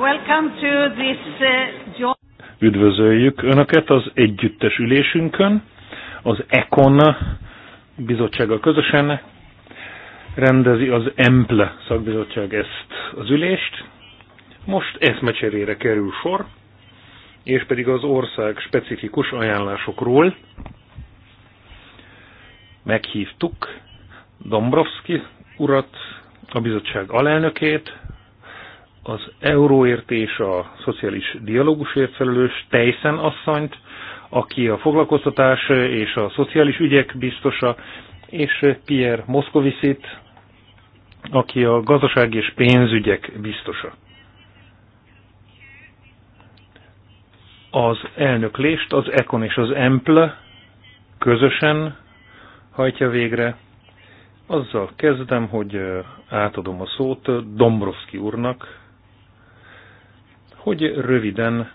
Uh, Üdvözöljük Önöket az együttes ülésünkön, az ECON bizottsága közösen rendezi az EMPLE szakbizottság ezt az ülést. Most eszmecserére kerül sor, és pedig az ország specifikus ajánlásokról meghívtuk Dombrovski urat, a bizottság alelnökét, az euróért és a szociális dialógusért felelős Tejszen asszonyt, aki a foglalkoztatás és a szociális ügyek biztosa, és Pierre Moszkovicit, aki a gazdasági és pénzügyek biztosa. Az elnöklést az Econ és az Emple közösen hajtja végre. Azzal kezdem, hogy átadom a szót Dombrovski úrnak, hogy röviden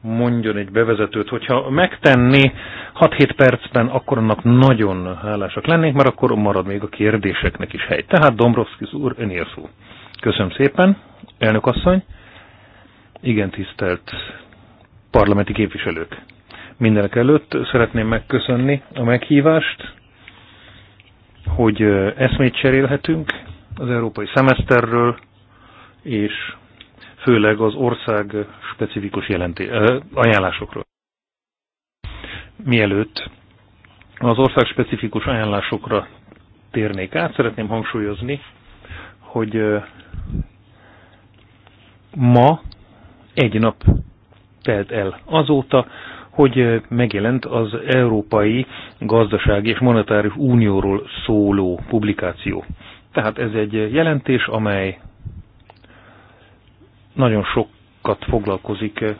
mondjon egy bevezetőt. Hogyha megtenni 6-7 percben, akkor annak nagyon hálásak lennénk, mert akkor marad még a kérdéseknek is hely. Tehát Dombrovskis úr, önél szó. Köszönöm szépen, elnök asszony. Igen, tisztelt parlamenti képviselők. Mindenek előtt szeretném megköszönni a meghívást, hogy eszmét cserélhetünk az európai szemeszterről, és főleg az ország specifikus jelenté, ajánlásokról. Mielőtt az ország specifikus ajánlásokra térnék át, szeretném hangsúlyozni, hogy ma egy nap telt el azóta, hogy megjelent az Európai Gazdasági és Monetáris Unióról szóló publikáció. Tehát ez egy jelentés, amely nagyon sokat foglalkozik eh,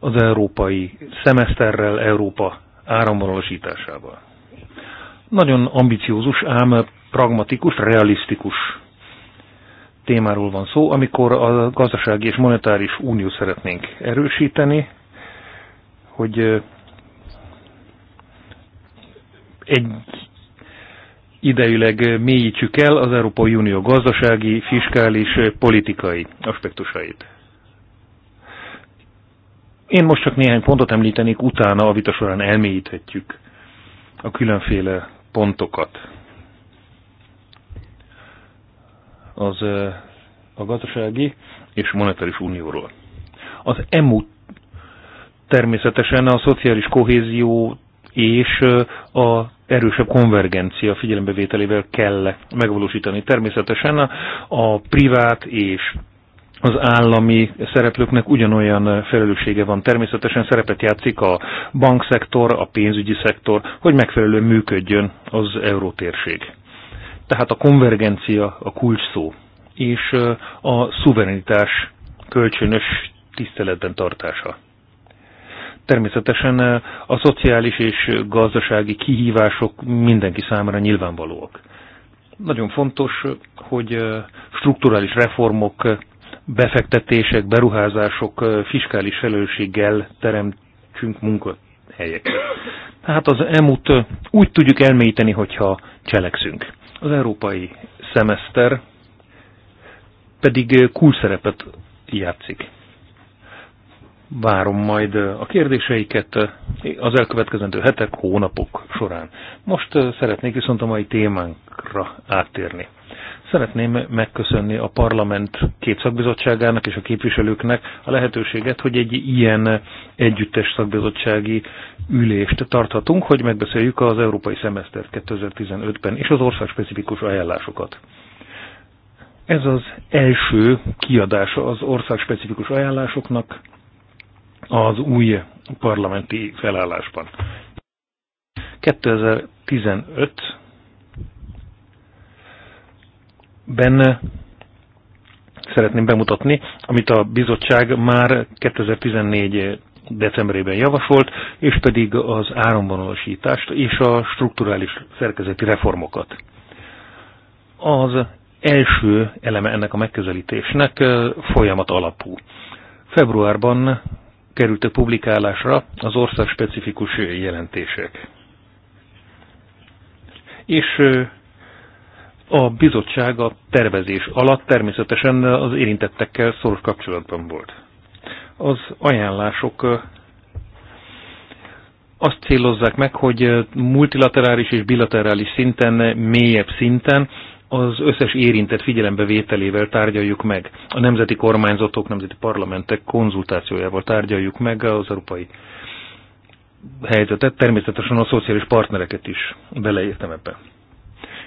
az európai szemeszterrel, Európa áramvonalasításával. Nagyon ambiciózus, ám pragmatikus, realisztikus témáról van szó, amikor a gazdasági és monetáris unió szeretnénk erősíteni, hogy eh, egy idejüleg mélyítsük el az Európai Unió gazdasági, fiskális, politikai aspektusait. Én most csak néhány pontot említenék, utána a vita során elmélyíthetjük a különféle pontokat. Az a gazdasági és monetáris unióról. Az EMU természetesen a szociális kohézió és a erősebb konvergencia figyelembevételével kell megvalósítani. Természetesen a privát és az állami szereplőknek ugyanolyan felelőssége van. Természetesen szerepet játszik a bankszektor, a pénzügyi szektor, hogy megfelelően működjön az eurótérség. Tehát a konvergencia a kulcs szó, és a szuverenitás kölcsönös tiszteletben tartása. Természetesen eh, a szociális és gazdasági kihívások mindenki számára nyilvánvalóak. Nagyon fontos, hogy eh, strukturális reformok, befektetések, beruházások eh, fiskális felelősséggel teremtsünk munkahelyeket. Tehát az EMU-t úgy tudjuk elmélyíteni, hogyha cselekszünk. Az európai szemeszter pedig kulszerepet játszik várom majd a kérdéseiket az elkövetkezendő hetek, hónapok során. Most szeretnék viszont a mai témánkra áttérni. Szeretném megköszönni a parlament két szakbizottságának és a képviselőknek a lehetőséget, hogy egy ilyen együttes szakbizottsági ülést tarthatunk, hogy megbeszéljük az Európai szemesztert 2015-ben és az országspecifikus ajánlásokat. Ez az első kiadása az országspecifikus ajánlásoknak, az új parlamenti felállásban. 2015 benne szeretném bemutatni, amit a bizottság már 2014 decemberében javasolt, és pedig az áramvonalasítást és a strukturális szerkezeti reformokat. Az első eleme ennek a megközelítésnek folyamat alapú. Februárban kerültek publikálásra az ország specifikus jelentések. És a bizottság a tervezés alatt természetesen az érintettekkel szoros kapcsolatban volt. Az ajánlások azt célozzák meg, hogy multilaterális és bilaterális szinten, mélyebb szinten az összes érintett figyelembevételével tárgyaljuk meg. A nemzeti kormányzatok, nemzeti parlamentek konzultációjával tárgyaljuk meg az európai helyzetet. Természetesen a szociális partnereket is beleértem ebbe.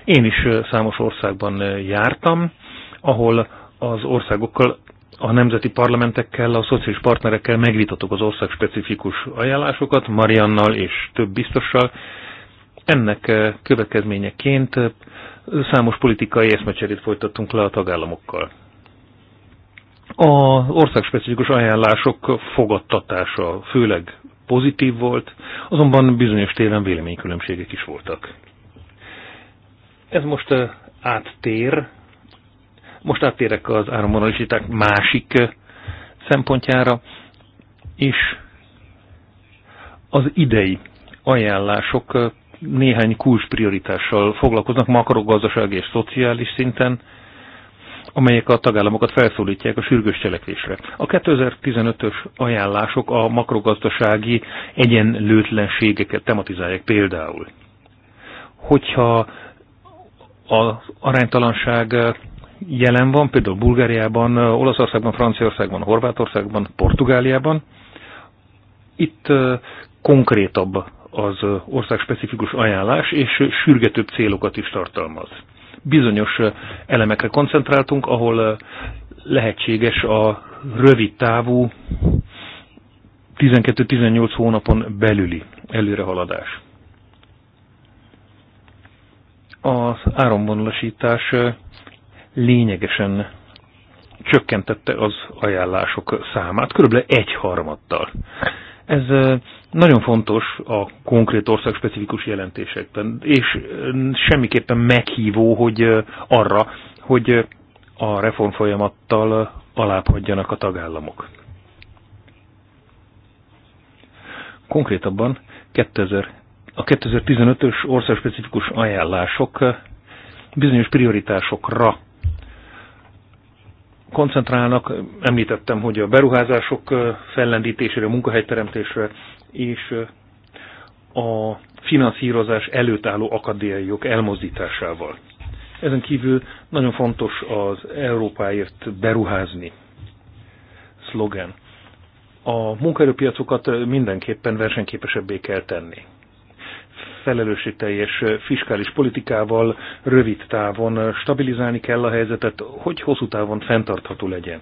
Én is számos országban jártam, ahol az országokkal, a nemzeti parlamentekkel, a szociális partnerekkel megvitatok az ország specifikus ajánlásokat, Mariannal és több biztossal. Ennek következményeként Számos politikai eszmecserét folytattunk le a tagállamokkal. Az országspecifikus ajánlások fogadtatása főleg pozitív volt, azonban bizonyos téren véleménykülönbségek is voltak. Ez most áttér, most áttérek az áramvonalisíták másik szempontjára, és az idei ajánlások néhány kulcs prioritással foglalkoznak makrogazdasági és szociális szinten, amelyek a tagállamokat felszólítják a sürgős cselekvésre. A 2015-ös ajánlások a makrogazdasági egyenlőtlenségeket tematizálják például. Hogyha az aránytalanság jelen van, például Bulgáriában, Olaszországban, Franciaországban, Horvátországban, Portugáliában, itt konkrétabb az országspecifikus ajánlás, és sürgetőbb célokat is tartalmaz. Bizonyos elemekre koncentráltunk, ahol lehetséges a rövid távú 12-18 hónapon belüli előrehaladás. Az áramvonalasítás lényegesen csökkentette az ajánlások számát, körülbelül egy harmattal. Ez nagyon fontos a konkrét ország specifikus jelentésekben, és semmiképpen meghívó, hogy arra, hogy a reform folyamattal alábbhagyjanak a tagállamok. Konkrétabban 2000, a 2015-ös országspecifikus ajánlások bizonyos prioritásokra koncentrálnak. Említettem, hogy a beruházások fellendítésére, a munkahelyteremtésre, és a finanszírozás előtt álló akadémiai jog elmozdításával. Ezen kívül nagyon fontos az Európáért beruházni szlogen. A munkaerőpiacokat mindenképpen versenyképesebbé kell tenni felelősségteljes fiskális politikával rövid távon stabilizálni kell a helyzetet, hogy hosszú távon fenntartható legyen.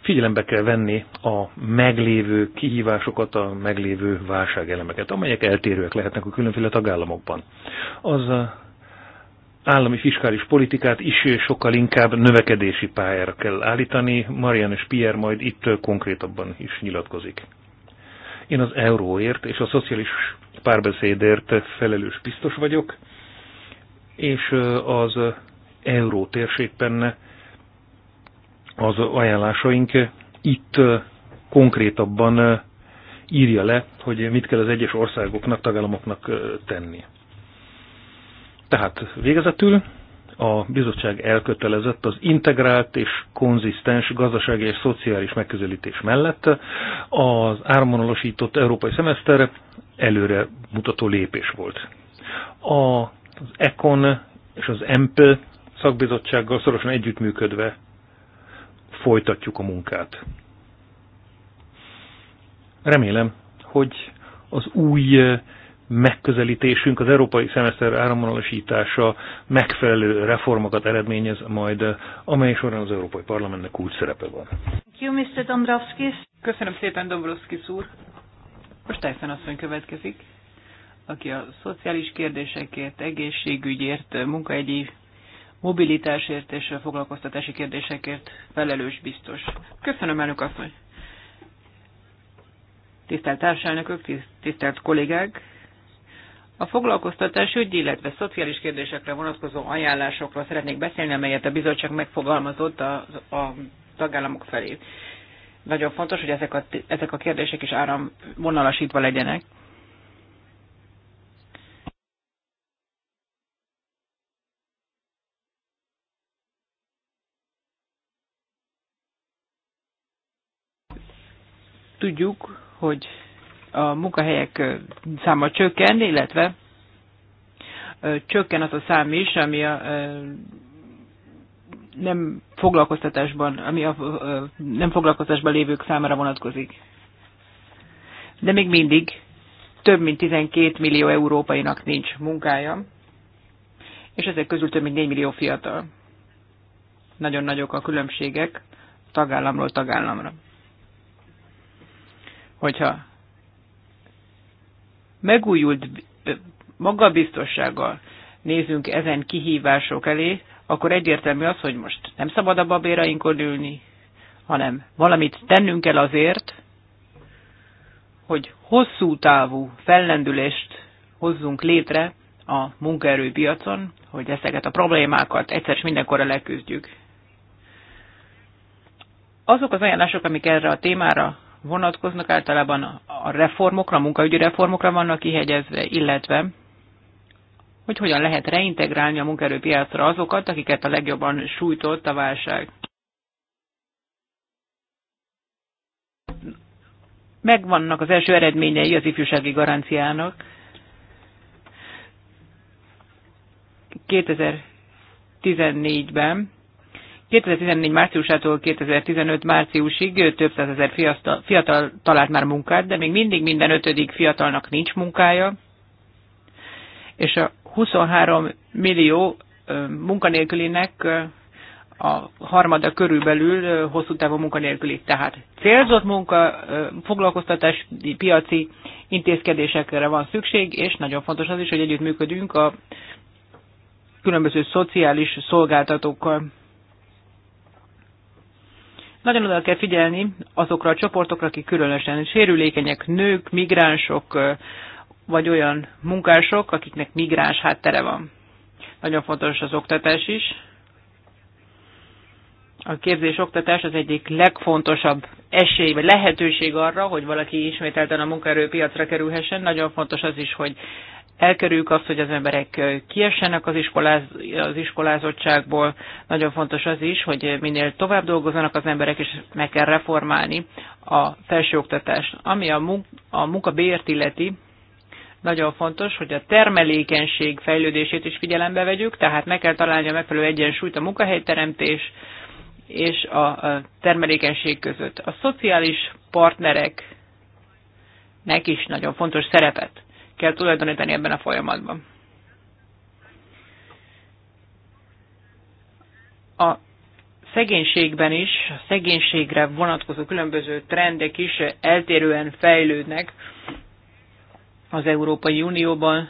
Figyelembe kell venni a meglévő kihívásokat, a meglévő válságelemeket, amelyek eltérőek lehetnek a különféle tagállamokban. Az állami fiskális politikát is sokkal inkább növekedési pályára kell állítani. Marian és Pierre majd itt konkrétabban is nyilatkozik. Én az euróért és a szociális párbeszédért felelős biztos vagyok, és az euró térségben az ajánlásaink itt konkrétabban írja le, hogy mit kell az egyes országoknak, tagállamoknak tenni. Tehát végezetül a bizottság elkötelezett az integrált és konzisztens gazdasági és szociális megközelítés mellett az áramvonalasított európai szemeszter előre mutató lépés volt. A, az ECON és az EMP szakbizottsággal szorosan együttműködve folytatjuk a munkát. Remélem, hogy az új megközelítésünk, az európai szemeszter áramvonalasítása megfelelő reformokat eredményez majd, amely során az Európai Parlamentnek úgy szerepe van. Köszönöm szépen, Dombrovskis úr. Most Tyson asszony következik, aki a szociális kérdésekért, egészségügyért, munkaegyi mobilitásért és foglalkoztatási kérdésekért felelős biztos. Köszönöm, elnök asszony! Tisztelt társelnökök, tisztelt kollégák! A foglalkoztatás ügyi, illetve szociális kérdésekre vonatkozó ajánlásokról szeretnék beszélni, amelyet a bizottság megfogalmazott a, a tagállamok felé. Nagyon fontos, hogy ezek a, ezek a kérdések is áramvonalasítva legyenek. Tudjuk, hogy a munkahelyek száma csökken, illetve csökken az a szám is, ami a nem foglalkoztatásban, ami a nem foglalkoztatásban lévők számára vonatkozik. De még mindig több mint 12 millió európainak nincs munkája, és ezek közül több mint 4 millió fiatal. Nagyon nagyok a különbségek tagállamról tagállamra. Hogyha megújult magabiztossággal nézünk ezen kihívások elé, akkor egyértelmű az, hogy most nem szabad a babérainkon ülni, hanem valamit tennünk kell azért, hogy hosszú távú fellendülést hozzunk létre a munkaerőpiacon, hogy ezeket a problémákat egyszer és mindenkorra leküzdjük. Azok az ajánlások, amik erre a témára vonatkoznak, általában a reformokra, a munkaügyi reformokra vannak kihegyezve, illetve hogy hogyan lehet reintegrálni a munkaerőpiacra azokat, akiket a legjobban sújtott a válság. Megvannak az első eredményei az ifjúsági garanciának. 2014-ben 2014 márciusától 2015 márciusig több százezer fiatal, fiatal talált már munkát, de még mindig minden ötödik fiatalnak nincs munkája, és a 23 millió munkanélkülinek a harmada körülbelül hosszú távú munkanélküli. Tehát célzott munka, foglalkoztatás, piaci intézkedésekre van szükség, és nagyon fontos az is, hogy együttműködünk a különböző szociális szolgáltatókkal. Nagyon oda kell figyelni azokra a csoportokra, akik különösen sérülékenyek, nők, migránsok, vagy olyan munkások, akiknek migráns háttere van. Nagyon fontos az oktatás is a képzés-oktatás az egyik legfontosabb esély, vagy lehetőség arra, hogy valaki ismételten a munkaerőpiacra kerülhessen. Nagyon fontos az is, hogy elkerüljük azt, hogy az emberek kiessenek az, iskoláz, az iskolázottságból. Nagyon fontos az is, hogy minél tovább dolgozzanak az emberek, és meg kell reformálni a felsőoktatást. Ami a, munk, a munkabért illeti, nagyon fontos, hogy a termelékenység fejlődését is figyelembe vegyük, tehát meg kell találni a megfelelő egyensúlyt a munkahelyteremtés, teremtés és a termelékenység között. A szociális partnereknek is nagyon fontos szerepet kell tulajdonítani ebben a folyamatban. A szegénységben is, a szegénységre vonatkozó különböző trendek is eltérően fejlődnek az Európai Unióban,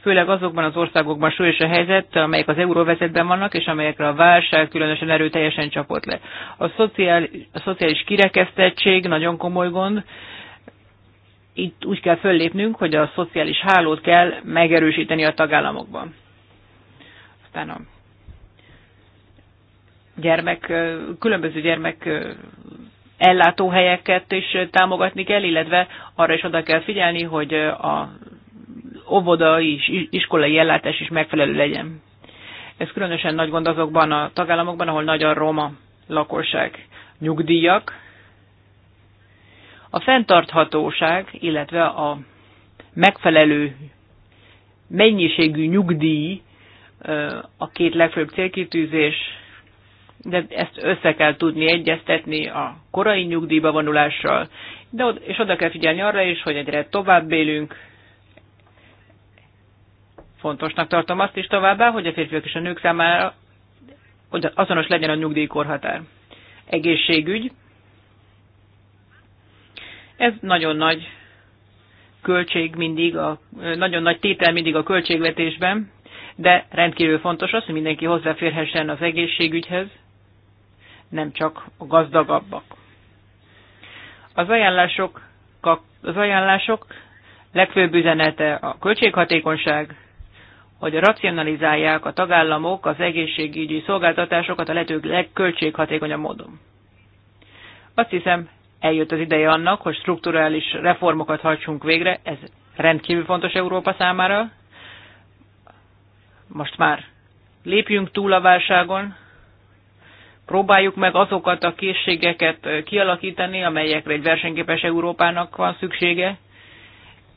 főleg azokban az országokban súlyos a helyzet, amelyek az euróvezetben vannak, és amelyekre a válság különösen erőteljesen csapott le. A szociális, a szociális kirekesztettség nagyon komoly gond, itt úgy kell föllépnünk, hogy a szociális hálót kell megerősíteni a tagállamokban. Aztán a gyermek, különböző gyermek ellátóhelyeket is támogatni kell, illetve arra is oda kell figyelni, hogy a óvodai és iskolai ellátás is megfelelő legyen. Ez különösen nagy gond azokban a tagállamokban, ahol nagy a roma lakosság. Nyugdíjak, a fenntarthatóság, illetve a megfelelő mennyiségű nyugdíj a két legfőbb célkitűzés, de ezt össze kell tudni egyeztetni a korai nyugdíjba vonulással, de, és oda kell figyelni arra is, hogy egyre tovább élünk, Fontosnak tartom azt is továbbá, hogy a férfiak és a nők számára azonos legyen a nyugdíjkorhatár. Egészségügy. Ez nagyon nagy költség mindig, a, nagyon nagy tétel mindig a költségvetésben, de rendkívül fontos az, hogy mindenki hozzáférhessen az egészségügyhez, nem csak a gazdagabbak. Az ajánlások, az ajánlások legfőbb üzenete a költséghatékonyság, hogy racionalizálják a tagállamok az egészségügyi szolgáltatásokat a lehető legköltséghatékonyabb módon. Azt hiszem, eljött az ideje annak, hogy strukturális reformokat hajtsunk végre, ez rendkívül fontos Európa számára. Most már lépjünk túl a válságon, próbáljuk meg azokat a készségeket kialakítani, amelyekre egy versenyképes Európának van szüksége.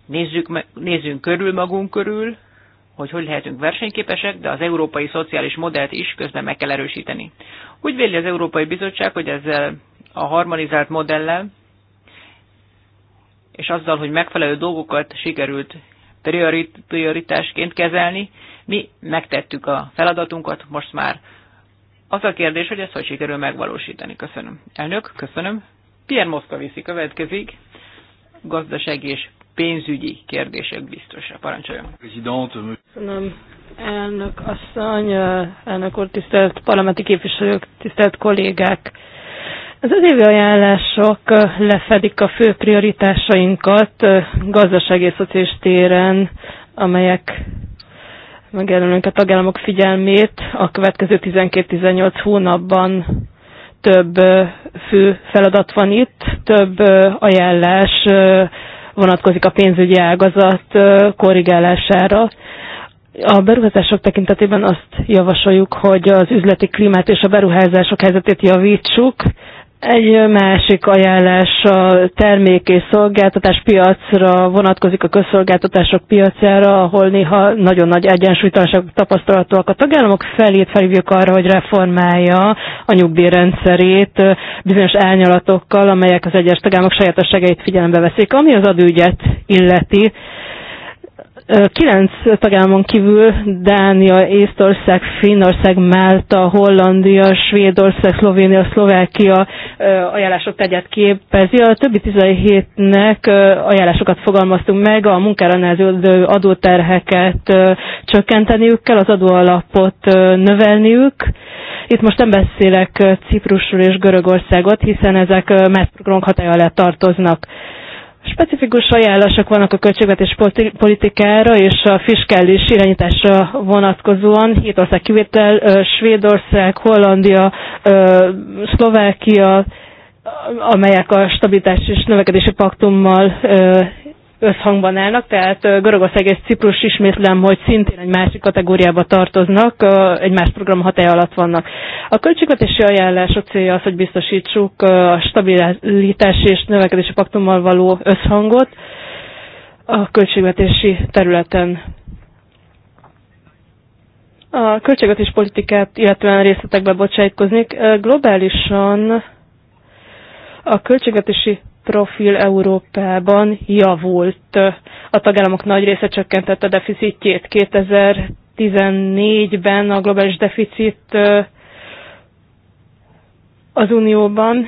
Nézzük, nézzünk körül magunk körül, hogy hogy lehetünk versenyképesek, de az európai szociális modellt is közben meg kell erősíteni. Úgy véli az Európai Bizottság, hogy ezzel a harmonizált modellel és azzal, hogy megfelelő dolgokat sikerült prioritásként kezelni, mi megtettük a feladatunkat, most már az a kérdés, hogy ezt hogy sikerül megvalósítani. Köszönöm. Elnök, köszönöm. Pierre Moszkovici következik, gazdasági és pénzügyi kérdések biztosra. Parancsoljon. Köszönöm, elnök asszony, elnök úr, tisztelt parlamenti képviselők, tisztelt kollégák. Az az évi ajánlások lefedik a fő prioritásainkat gazdasági és szociális téren, amelyek megjelenünk a tagállamok figyelmét a következő 12-18 hónapban több fő feladat van itt, több ajánlás vonatkozik a pénzügyi ágazat korrigálására. A beruházások tekintetében azt javasoljuk, hogy az üzleti klímát és a beruházások helyzetét javítsuk, egy másik ajánlás a termék és szolgáltatás piacra vonatkozik a közszolgáltatások piacára, ahol néha nagyon nagy egyensúlytalanság tapasztalatok. A tagállamok felét felhívjuk arra, hogy reformálja a nyugdíjrendszerét bizonyos elnyalatokkal, amelyek az egyes tagállamok sajátosságait figyelembe veszik. Ami az adőgyet illeti, Kilenc tagállamon kívül Dánia, Észtország, Finnország, Málta, Hollandia, Svédország, Szlovénia, Szlovákia ajánlások tegyet képezi. A többi 17-nek ajánlásokat fogalmaztunk meg, a munkára nehező adóterheket csökkenteniük kell, az adóalapot növelniük. Itt most nem beszélek Ciprusról és Görögországot, hiszen ezek más programok hatája alá tartoznak. Specifikus ajánlások vannak a költségvetés politikára és a fiskális irányításra vonatkozóan. Hét ország kivétel, Svédország, Hollandia, Szlovákia, amelyek a stabilitás és növekedési paktummal összhangban állnak, tehát Görögország és Ciprus ismétlem, hogy szintén egy másik kategóriába tartoznak, egy más program hatája alatt vannak. A költségvetési ajánlások célja az, hogy biztosítsuk a stabilitási és növekedési paktummal való összhangot a költségvetési területen. A költségvetés politikát illetően részletekbe bocsájtkoznék. Globálisan a költségvetési profil Európában javult. A tagállamok nagy része csökkentette a deficitjét. 2014-ben a globális deficit az Unióban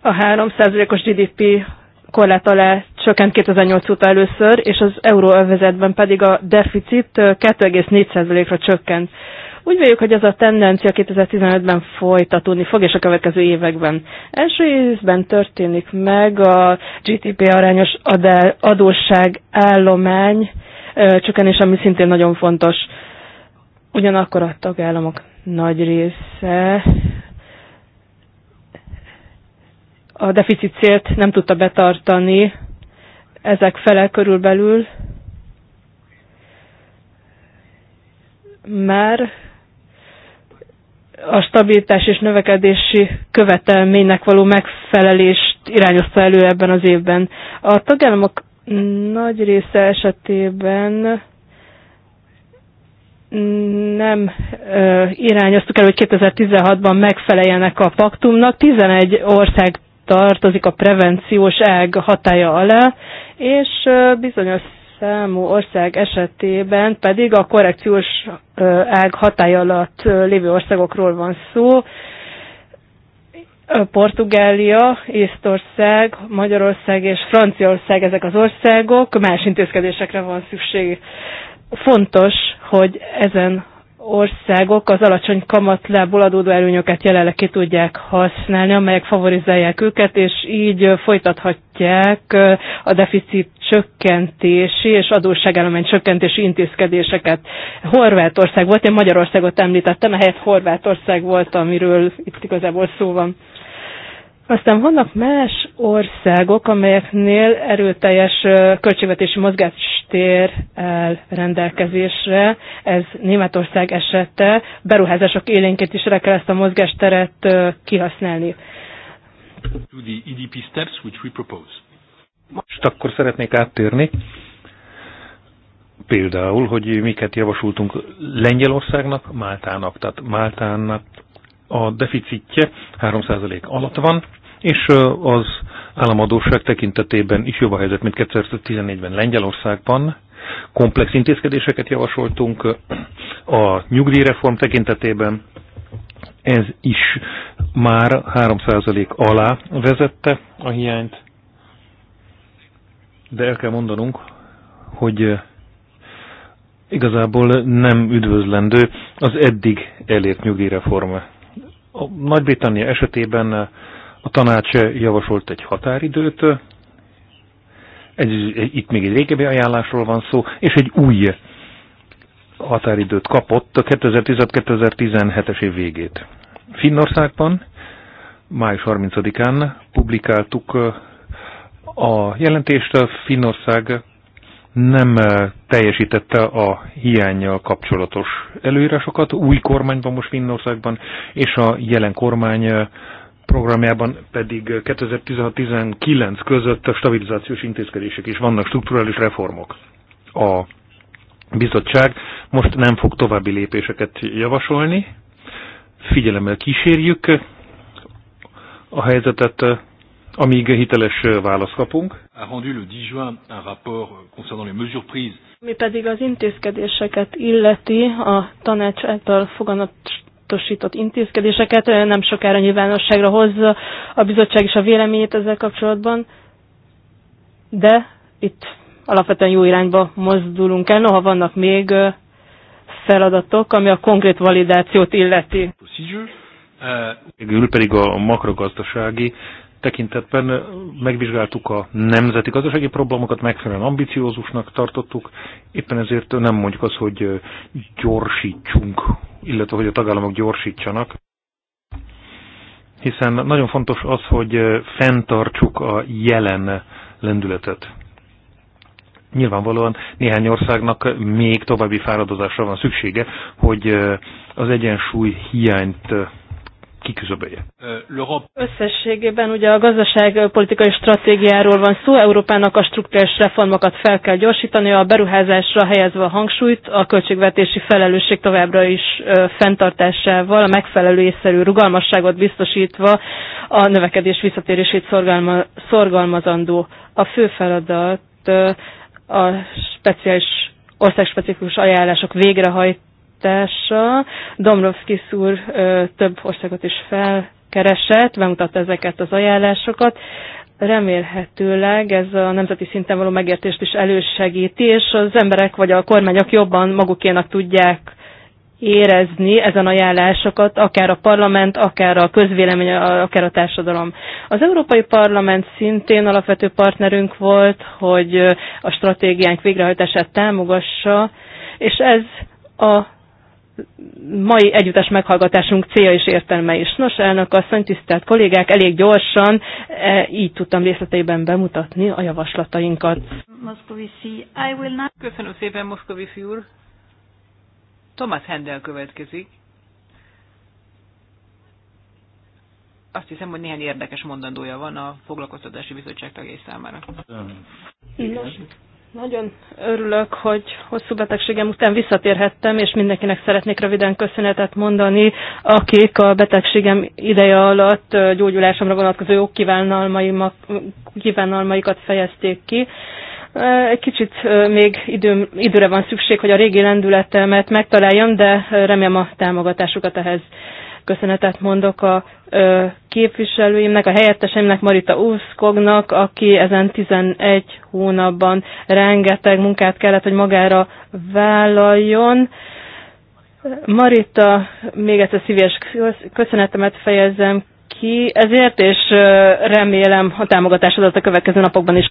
a 3%-os GDP korlát alá csökkent 2008 óta először, és az euróövezetben pedig a deficit 2,4%-ra csökkent. Úgy véljük, hogy ez a tendencia 2015-ben folytatódni fog, és a következő években. Első évben történik meg a GDP arányos adósság állomány csökkenés, ami szintén nagyon fontos. Ugyanakkor a tagállamok nagy része a deficit célt nem tudta betartani, ezek fele körülbelül mert a stabilitás és növekedési követelménynek való megfelelést irányozta elő ebben az évben. A tagállamok nagy része esetében nem ö, irányoztuk el, hogy 2016-ban megfeleljenek a paktumnak. 11 ország tartozik a prevenciós ág hatája alá, és bizonyos számú ország esetében pedig a korrekciós ág hatály alatt lévő országokról van szó. Portugália, Észtország, Magyarország és Franciaország ezek az országok, más intézkedésekre van szükség. Fontos, hogy ezen országok az alacsony kamatlából adódó előnyöket jelenleg ki tudják használni, amelyek favorizálják őket, és így folytathatják a deficit csökkentési és adósságállomány csökkentési intézkedéseket. Horvátország volt, én Magyarországot említettem, ehelyett Horvátország volt, amiről itt igazából szó van. Aztán vannak más országok, amelyeknél erőteljes költségvetési mozgás tér el rendelkezésre. Ez Németország esette. Beruházások élénkítésre kell ezt a mozgásteret kihasználni. To the EDP steps which we propose. Most akkor szeretnék áttérni például, hogy miket javasultunk Lengyelországnak, Máltának. Tehát Máltának a deficitje 3% alatt van, és az államadóság tekintetében is jobb a helyzet, mint 2014-ben Lengyelországban. Komplex intézkedéseket javasoltunk a nyugdíjreform tekintetében. Ez is már 3% alá vezette a hiányt. De el kell mondanunk, hogy igazából nem üdvözlendő az eddig elért nyugdíjreform. A Nagy-Britannia esetében a tanács javasolt egy határidőt, egy, egy, itt még egy régebbi ajánlásról van szó, és egy új határidőt kapott a 2017 es év végét. Finnországban május 30-án publikáltuk a jelentést, Finnország nem teljesítette a hiányjal kapcsolatos előírásokat, új kormányban most Finnországban, és a jelen kormány programjában pedig 2016-19 között a stabilizációs intézkedések is vannak, strukturális reformok. A bizottság most nem fog további lépéseket javasolni, figyelemmel kísérjük a helyzetet, amíg hiteles választ kapunk. Mi pedig az intézkedéseket illeti a tanács által foganat tudatosított intézkedéseket nem sokára nyilvánosságra hozza a bizottság is a véleményét ezzel kapcsolatban, de itt alapvetően jó irányba mozdulunk el, noha vannak még feladatok, ami a konkrét validációt illeti. Uh, Végül pedig a makrogazdasági tekintetben megvizsgáltuk a nemzeti gazdasági problémokat, megfelelően ambiciózusnak tartottuk, éppen ezért nem mondjuk az, hogy gyorsítsunk, illetve hogy a tagállamok gyorsítsanak, hiszen nagyon fontos az, hogy fenntartsuk a jelen lendületet. Nyilvánvalóan néhány országnak még további fáradozásra van szüksége, hogy az egyensúly hiányt kiküzöbölje. Összességében ugye a gazdaságpolitikai stratégiáról van szó, Európának a struktúrás reformokat fel kell gyorsítani, a beruházásra helyezve a hangsúlyt, a költségvetési felelősség továbbra is fenntartásával, a megfelelő észszerű rugalmasságot biztosítva a növekedés visszatérését szorgalma, szorgalmazandó. A fő feladat a speciális országspecifikus ajánlások végrehajtása, támogatása. Domrovski úr több országot is felkeresett, bemutatta ezeket az ajánlásokat. Remélhetőleg ez a nemzeti szinten való megértést is elősegíti, és az emberek vagy a kormányok jobban magukénak tudják érezni ezen ajánlásokat, akár a parlament, akár a közvélemény, akár a társadalom. Az Európai Parlament szintén alapvető partnerünk volt, hogy a stratégiánk végrehajtását támogassa, és ez a mai együttes meghallgatásunk célja és értelme is. Nos, elnök asszony, tisztelt kollégák, elég gyorsan e, így tudtam részleteiben bemutatni a javaslatainkat. I will Köszönöm szépen, Moszkovi úr. Thomas Hendel következik. Azt hiszem, hogy néhány érdekes mondandója van a foglalkoztatási bizottság tagjai számára. Nos. Nagyon örülök, hogy hosszú betegségem után visszatérhettem, és mindenkinek szeretnék röviden köszönetet mondani, akik a betegségem ideje alatt gyógyulásomra vonatkozó jó kívánalmaikat fejezték ki. Egy kicsit még időm, időre van szükség, hogy a régi lendületemet megtaláljam, de remélem a támogatásukat ehhez. Köszönetet mondok a képviselőimnek, a helyettesemnek, Marita Úszkognak, aki ezen 11 hónapban rengeteg munkát kellett, hogy magára vállaljon. Marita, még egyszer szívés köszönetemet fejezem ki ezért, és remélem a támogatásodat a következő napokban is.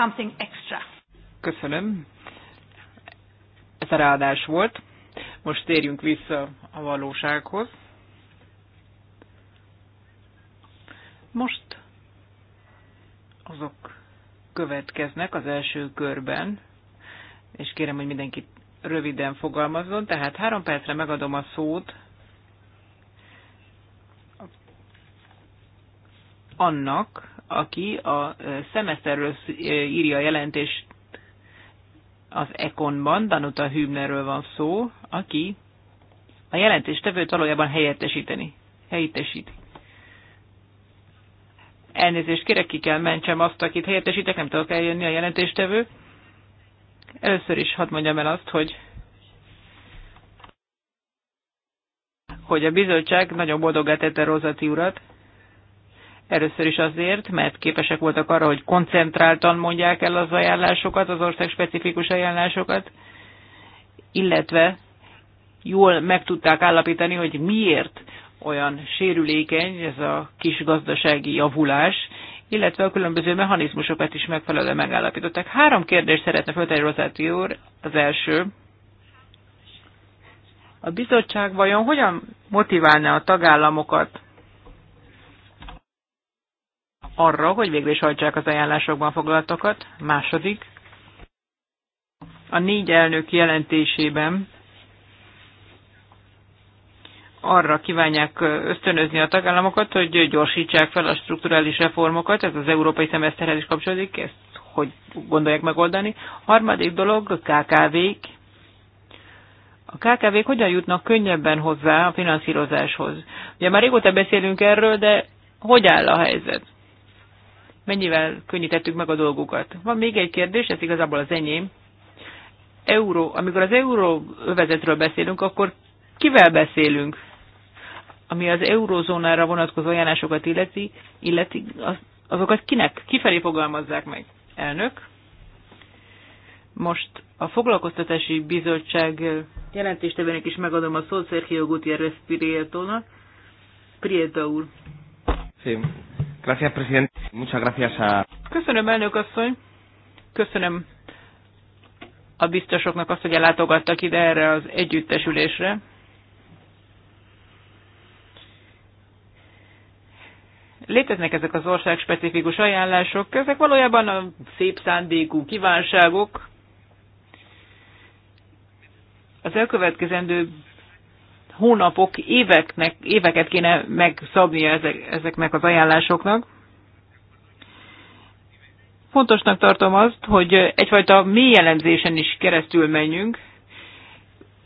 something extra. Köszönöm. Ez a ráadás volt. Most térjünk vissza a valósághoz. Most azok következnek az első körben, és kérem, hogy mindenkit röviden fogalmazzon. Tehát három percre megadom a szót annak, aki a szemeszterről írja a jelentést az Econban, Danuta Hübnerről van szó, aki a jelentéstevőt valójában helyettesíteni, helyettesíti. Elnézést kérek, ki kell mentsem azt, akit helyettesítek, nem tudok eljönni a jelentéstevő. Először is hadd mondjam el azt, hogy hogy a bizottság nagyon boldogá tette Rozati urat, Először is azért, mert képesek voltak arra, hogy koncentráltan mondják el az ajánlásokat, az ország specifikus ajánlásokat, illetve jól meg tudták állapítani, hogy miért olyan sérülékeny ez a kis gazdasági javulás, illetve a különböző mechanizmusokat is megfelelően megállapították. Három kérdést szeretne föltenni Rozáti úr. Az első, a bizottság vajon hogyan motiválná a tagállamokat arra, hogy végre is hajtsák az ajánlásokban foglaltakat. Második, a négy elnök jelentésében arra kívánják ösztönözni a tagállamokat, hogy gyorsítsák fel a strukturális reformokat, ez az európai szemeszterhez is kapcsolódik, ezt hogy gondolják megoldani. Harmadik dolog, a KKV-k. A KKV-k hogyan jutnak könnyebben hozzá a finanszírozáshoz? Ugye már régóta beszélünk erről, de hogy áll a helyzet? mennyivel könnyítettük meg a dolgokat. Van még egy kérdés, ez igazából az enyém. Euró, amikor az euróövezetről beszélünk, akkor kivel beszélünk? Ami az eurózónára vonatkozó ajánlásokat illeti, illeti az, azokat kinek, kifelé fogalmazzák meg? Elnök. Most a foglalkoztatási bizottság jelentéstevének is megadom a szót Sergio Gutiérrez Prietónak. Prieto úr. Szépen. Gracias, presidente. Muchas gracias a... Köszönöm, elnök asszony. Köszönöm a biztosoknak azt, hogy ellátogattak ide erre az együttesülésre. Léteznek ezek az ország specifikus ajánlások, ezek valójában a szép szándékú kívánságok. Az elkövetkezendő hónapok, éveknek, éveket kéne megszabnia ezek, ezeknek az ajánlásoknak. Fontosnak tartom azt, hogy egyfajta mély jellemzésen is keresztül menjünk.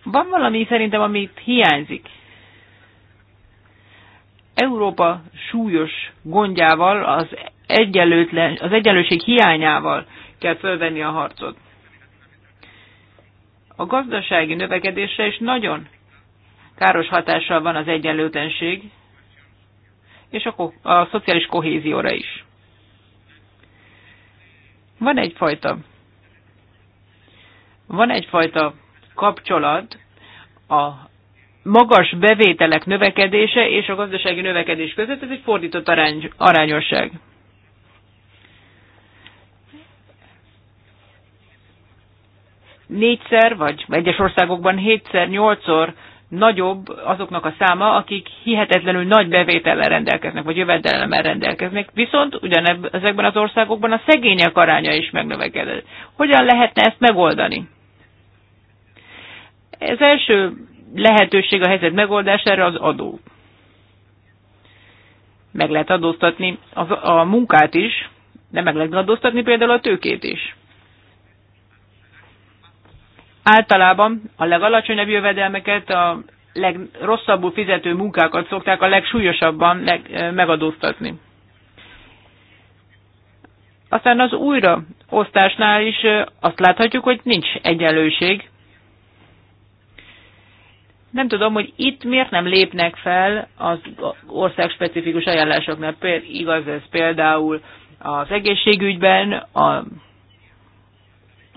Van valami szerintem, amit hiányzik. Európa súlyos gondjával, az, egyenlőtlen, az egyenlőség hiányával kell fölvenni a harcot. A gazdasági növekedésre is nagyon káros hatással van az egyenlőtlenség, és a, a szociális kohézióra is. Van egyfajta, van egyfajta kapcsolat a magas bevételek növekedése és a gazdasági növekedés között, ez egy fordított arány, arányosság. Négyszer, vagy egyes országokban hétszer, nyolcszor nagyobb azoknak a száma, akik hihetetlenül nagy bevétellel rendelkeznek, vagy jövedelemmel rendelkeznek, viszont ugyanezekben az országokban a szegények aránya is megnövekedett. Hogyan lehetne ezt megoldani? Ez első lehetőség a helyzet megoldására az adó. Meg lehet adóztatni a munkát is, de meg lehet adóztatni például a tőkét is. Általában a legalacsonyabb jövedelmeket, a legrosszabbul fizető munkákat szokták a legsúlyosabban leg, megadóztatni. Aztán az újraosztásnál is azt láthatjuk, hogy nincs egyenlőség. Nem tudom, hogy itt miért nem lépnek fel az ország specifikus ajánlásoknál. Igaz ez például az egészségügyben, a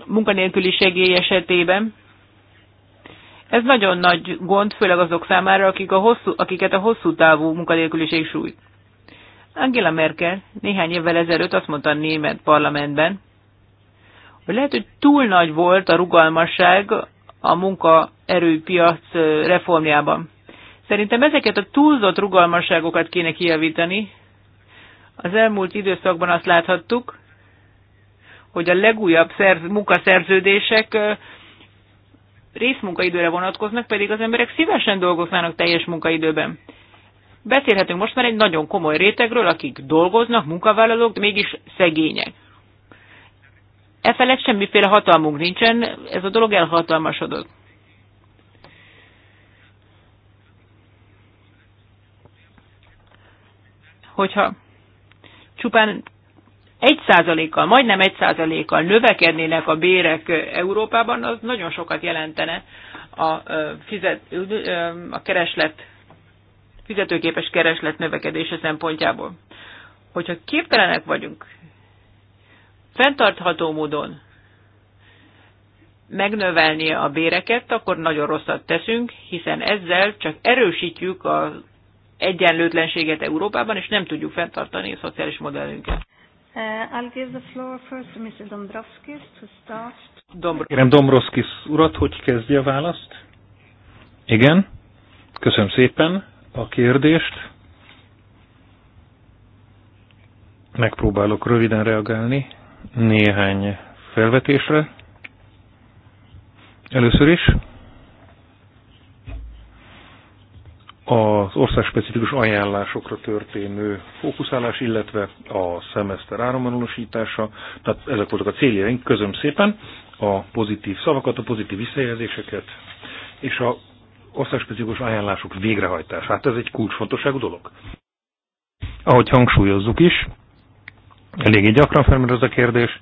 munkanélküli segély esetében. Ez nagyon nagy gond, főleg azok számára, akik a hosszú, akiket a hosszú távú munkanélküliség sújt. Angela Merkel néhány évvel ezelőtt azt mondta a német parlamentben, hogy lehet, hogy túl nagy volt a rugalmasság a munkaerőpiac reformjában. Szerintem ezeket a túlzott rugalmasságokat kéne kijavítani. Az elmúlt időszakban azt láthattuk, hogy a legújabb szerz, munkaszerződések részmunkaidőre vonatkoznak, pedig az emberek szívesen dolgoznának teljes munkaidőben. Beszélhetünk most már egy nagyon komoly rétegről, akik dolgoznak, munkavállalók, de mégis szegények. E felett semmiféle hatalmunk nincsen, ez a dolog elhatalmasodott. Hogyha csupán egy százalékkal, majdnem egy százalékkal növekednének a bérek Európában, az nagyon sokat jelentene a, fizet, a kereslet, fizetőképes kereslet növekedése szempontjából. Hogyha képtelenek vagyunk fenntartható módon megnövelni a béreket, akkor nagyon rosszat teszünk, hiszen ezzel csak erősítjük az egyenlőtlenséget Európában, és nem tudjuk fenntartani a szociális modellünket. Uh, I'll give the floor first to Mr. Dombrovskis to start. Kérem Dombrovskis urat, hogy kezdje a választ? Igen. Köszönöm szépen a kérdést. Megpróbálok röviden reagálni néhány felvetésre. Először is az országspecifikus ajánlásokra történő fókuszálás, illetve a szemeszter áramvonalasítása. Tehát ezek voltak a céljaink. Közöm szépen a pozitív szavakat, a pozitív visszajelzéseket, és a országspecifikus ajánlások végrehajtása. Hát ez egy kulcsfontosságú dolog. Ahogy hangsúlyozzuk is, eléggé gyakran felmerül ez a kérdés,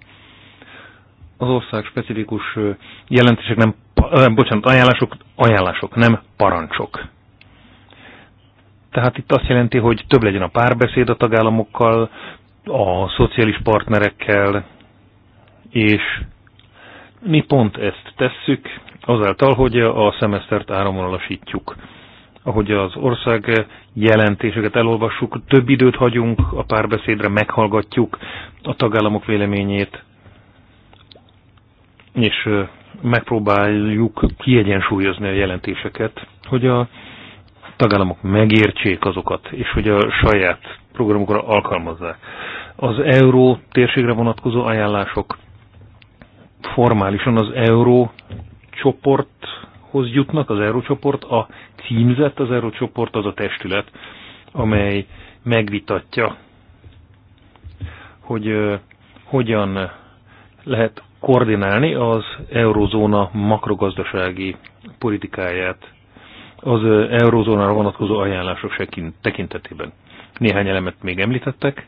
az ország specifikus jelentések nem, bocsánat, ajánlások, ajánlások, nem parancsok. Tehát itt azt jelenti, hogy több legyen a párbeszéd a tagállamokkal, a szociális partnerekkel, és mi pont ezt tesszük, azáltal, hogy a szemesztert áramvonalasítjuk. Ahogy az ország jelentéseket elolvassuk, több időt hagyunk a párbeszédre, meghallgatjuk a tagállamok véleményét, és megpróbáljuk kiegyensúlyozni a jelentéseket, hogy a tagállamok megértsék azokat, és hogy a saját programokra alkalmazzák. Az euró térségre vonatkozó ajánlások formálisan az euró csoporthoz jutnak, az eurócsoport, a címzett az eurócsoport az a testület, amely megvitatja, hogy uh, hogyan lehet koordinálni az eurózóna makrogazdasági politikáját az eurozónára vonatkozó ajánlások tekintetében. Néhány elemet még említettek.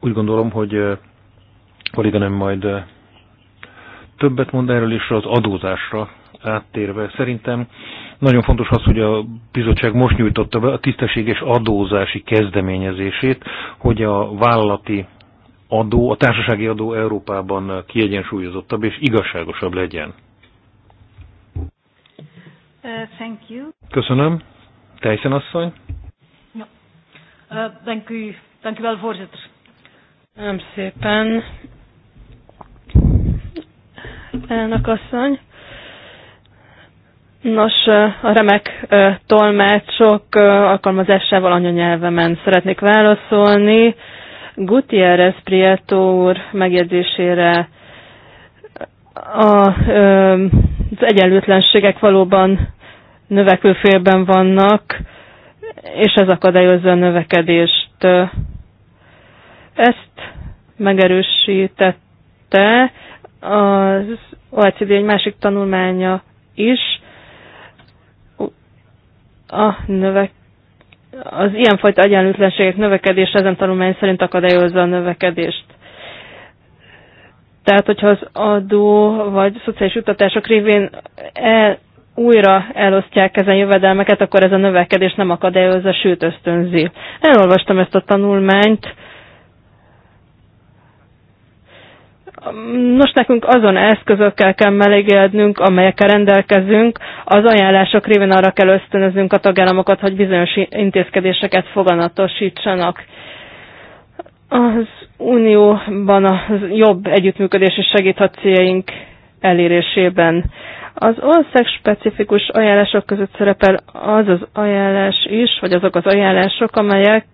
Úgy gondolom, hogy nem majd többet mond erről is az adózásra áttérve. Szerintem nagyon fontos az, hogy a bizottság most nyújtotta be a tisztességes adózási kezdeményezését, hogy a vállalati adó, a társasági adó Európában kiegyensúlyozottabb és igazságosabb legyen. Uh, thank you. Köszönöm. Tejszen asszony. Ja. Uh, thank you. Thank you well, voorzitter. Nem szépen. Elnök asszony. Nos, uh, a remek uh, tolmácsok uh, alkalmazásával anyanyelvemen szeretnék válaszolni. Gutierrez Prieto úr megjegyzésére a, az egyenlőtlenségek valóban növekvő félben vannak, és ez akadályozza a növekedést. Ezt megerősítette az OECD egy másik tanulmánya is. A növek az ilyenfajta egyenlőtlenségek növekedés ezen tanulmány szerint akadályozza a növekedést. Tehát, hogyha az adó vagy szociális utatások révén el, újra elosztják ezen jövedelmeket, akkor ez a növekedés nem akadályozza, sőt ösztönzi. Elolvastam ezt a tanulmányt. Nos, nekünk azon eszközökkel kell melégednünk, amelyekkel rendelkezünk, az ajánlások révén arra kell ösztönöznünk a tagállamokat, hogy bizonyos intézkedéseket foganatosítsanak. Az Unióban a jobb együttműködés és segíthat céljaink elérésében. Az ország specifikus ajánlások között szerepel az az ajánlás is, vagy azok az ajánlások, amelyek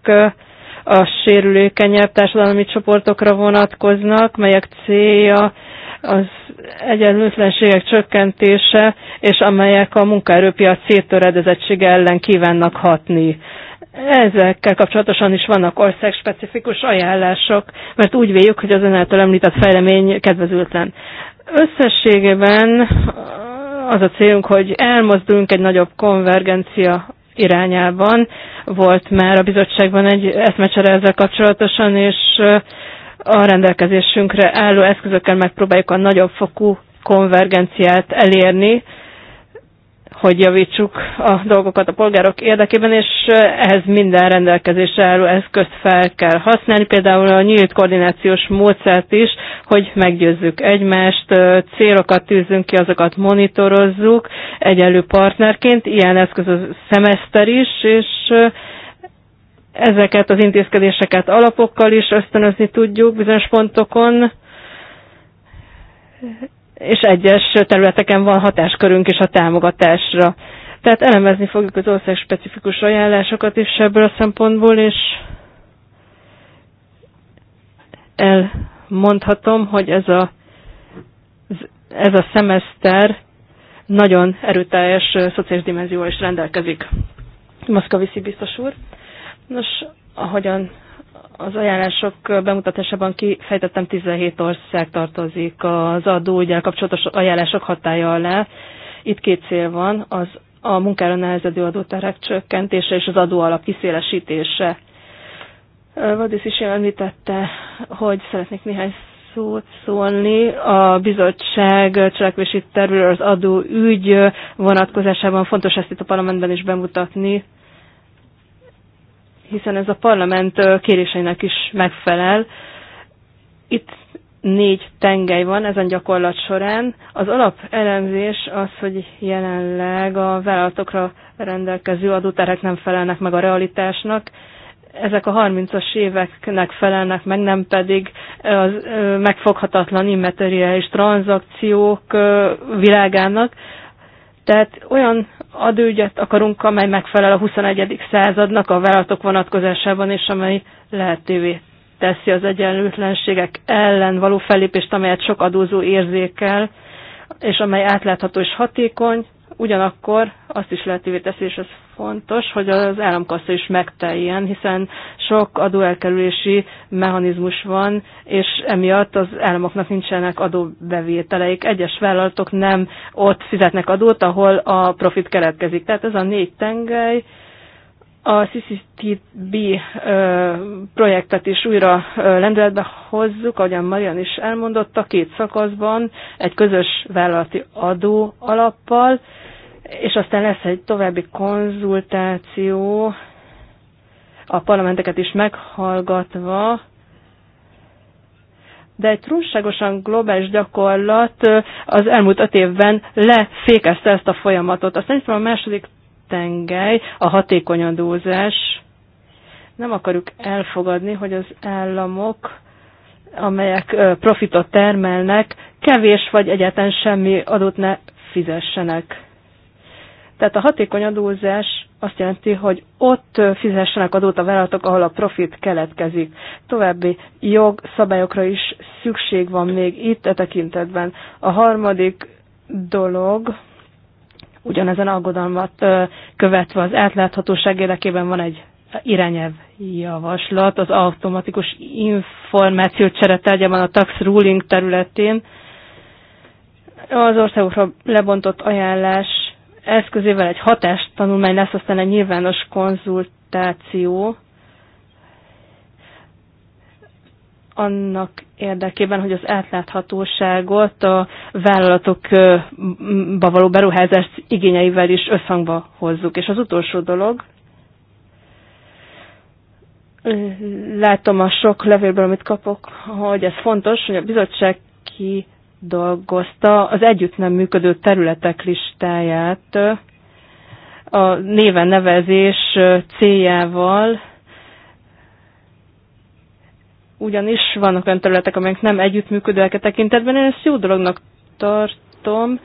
a sérülékenyebb társadalmi csoportokra vonatkoznak, melyek célja az egyenlőtlenségek csökkentése, és amelyek a munkaerőpiac széttöredezettsége ellen kívánnak hatni. Ezekkel kapcsolatosan is vannak országspecifikus ajánlások, mert úgy véljük, hogy az ön által említett fejlemény kedvezőtlen. Összességében az a célunk, hogy elmozduljunk egy nagyobb konvergencia irányában. Volt már a bizottságban egy eszmecsere ezzel kapcsolatosan, és a rendelkezésünkre álló eszközökkel megpróbáljuk a nagyobb fokú konvergenciát elérni, hogy javítsuk a dolgokat a polgárok érdekében, és ehhez minden rendelkezésre álló eszközt fel kell használni, például a nyílt koordinációs módszert is, hogy meggyőzzük egymást, célokat tűzünk ki, azokat monitorozzuk egyenlő partnerként, ilyen eszköz a szemeszter is, és ezeket az intézkedéseket alapokkal is ösztönözni tudjuk bizonyos pontokon, és egyes területeken van hatáskörünk is a támogatásra. Tehát elemezni fogjuk az ország specifikus ajánlásokat is ebből a szempontból, és elmondhatom, hogy ez a, ez a szemeszter nagyon erőteljes szociális dimenzióval is rendelkezik. Moszkaviszi biztos úr. Nos, ahogyan az ajánlások bemutatásában kifejtettem 17 ország tartozik az ugye kapcsolatos ajánlások hatája alá. Itt két cél van, az a munkára nehezedő adóterek csökkentése és az adóalap kiszélesítése. Vadis is említette, hogy szeretnék néhány szót szólni. A bizottság cselekvési tervről az adóügy vonatkozásában fontos ezt itt a parlamentben is bemutatni, hiszen ez a parlament kéréseinek is megfelel. Itt négy tengely van ezen gyakorlat során. Az alap elemzés az, hogy jelenleg a vállalatokra rendelkező adóterhek nem felelnek meg a realitásnak. Ezek a 30-as éveknek felelnek meg, nem pedig az megfoghatatlan immateriális tranzakciók világának. Tehát olyan adőgyet akarunk, amely megfelel a 21. századnak a vállalatok vonatkozásában, és amely lehetővé teszi az egyenlőtlenségek ellen való fellépést, amelyet sok adózó érzékel, és amely átlátható és hatékony, ugyanakkor azt is lehetővé teszi, és ez fontos, hogy az államkassa is megteljen, hiszen sok adóelkerülési mechanizmus van, és emiatt az államoknak nincsenek adóbevételeik. Egyes vállalatok nem ott fizetnek adót, ahol a profit keletkezik. Tehát ez a négy tengely, a CCTB projektet is újra lendületbe hozzuk, ahogyan Marian is elmondotta, két szakaszban, egy közös vállalati adó alappal, és aztán lesz egy további konzultáció, a parlamenteket is meghallgatva, de egy trúságosan globális gyakorlat az elmúlt öt évben lefékezte ezt a folyamatot. Aztán itt van a második tengely, a hatékony adózás. Nem akarjuk elfogadni, hogy az államok, amelyek profitot termelnek, kevés vagy egyáltalán semmi adót ne fizessenek. Tehát a hatékony adózás azt jelenti, hogy ott fizessenek adót a vállalatok, ahol a profit keletkezik. További jogszabályokra is szükség van még itt a e tekintetben. A harmadik dolog, ugyanezen aggodalmat követve az átláthatóság érdekében van egy irányelv javaslat az automatikus információcsere tárgyában a tax ruling területén. Az országokra lebontott ajánlás eszközével egy hatástanulmány lesz, aztán egy nyilvános konzultáció annak érdekében, hogy az átláthatóságot a vállalatokba való beruházás igényeivel is összhangba hozzuk. És az utolsó dolog, látom a sok levélből, amit kapok, hogy ez fontos, hogy a bizottság ki dolgozta az együtt nem működő területek listáját a néven nevezés céljával, ugyanis vannak olyan területek, amelyek nem együttműködőek a e tekintetben, én ezt jó dolognak tartom,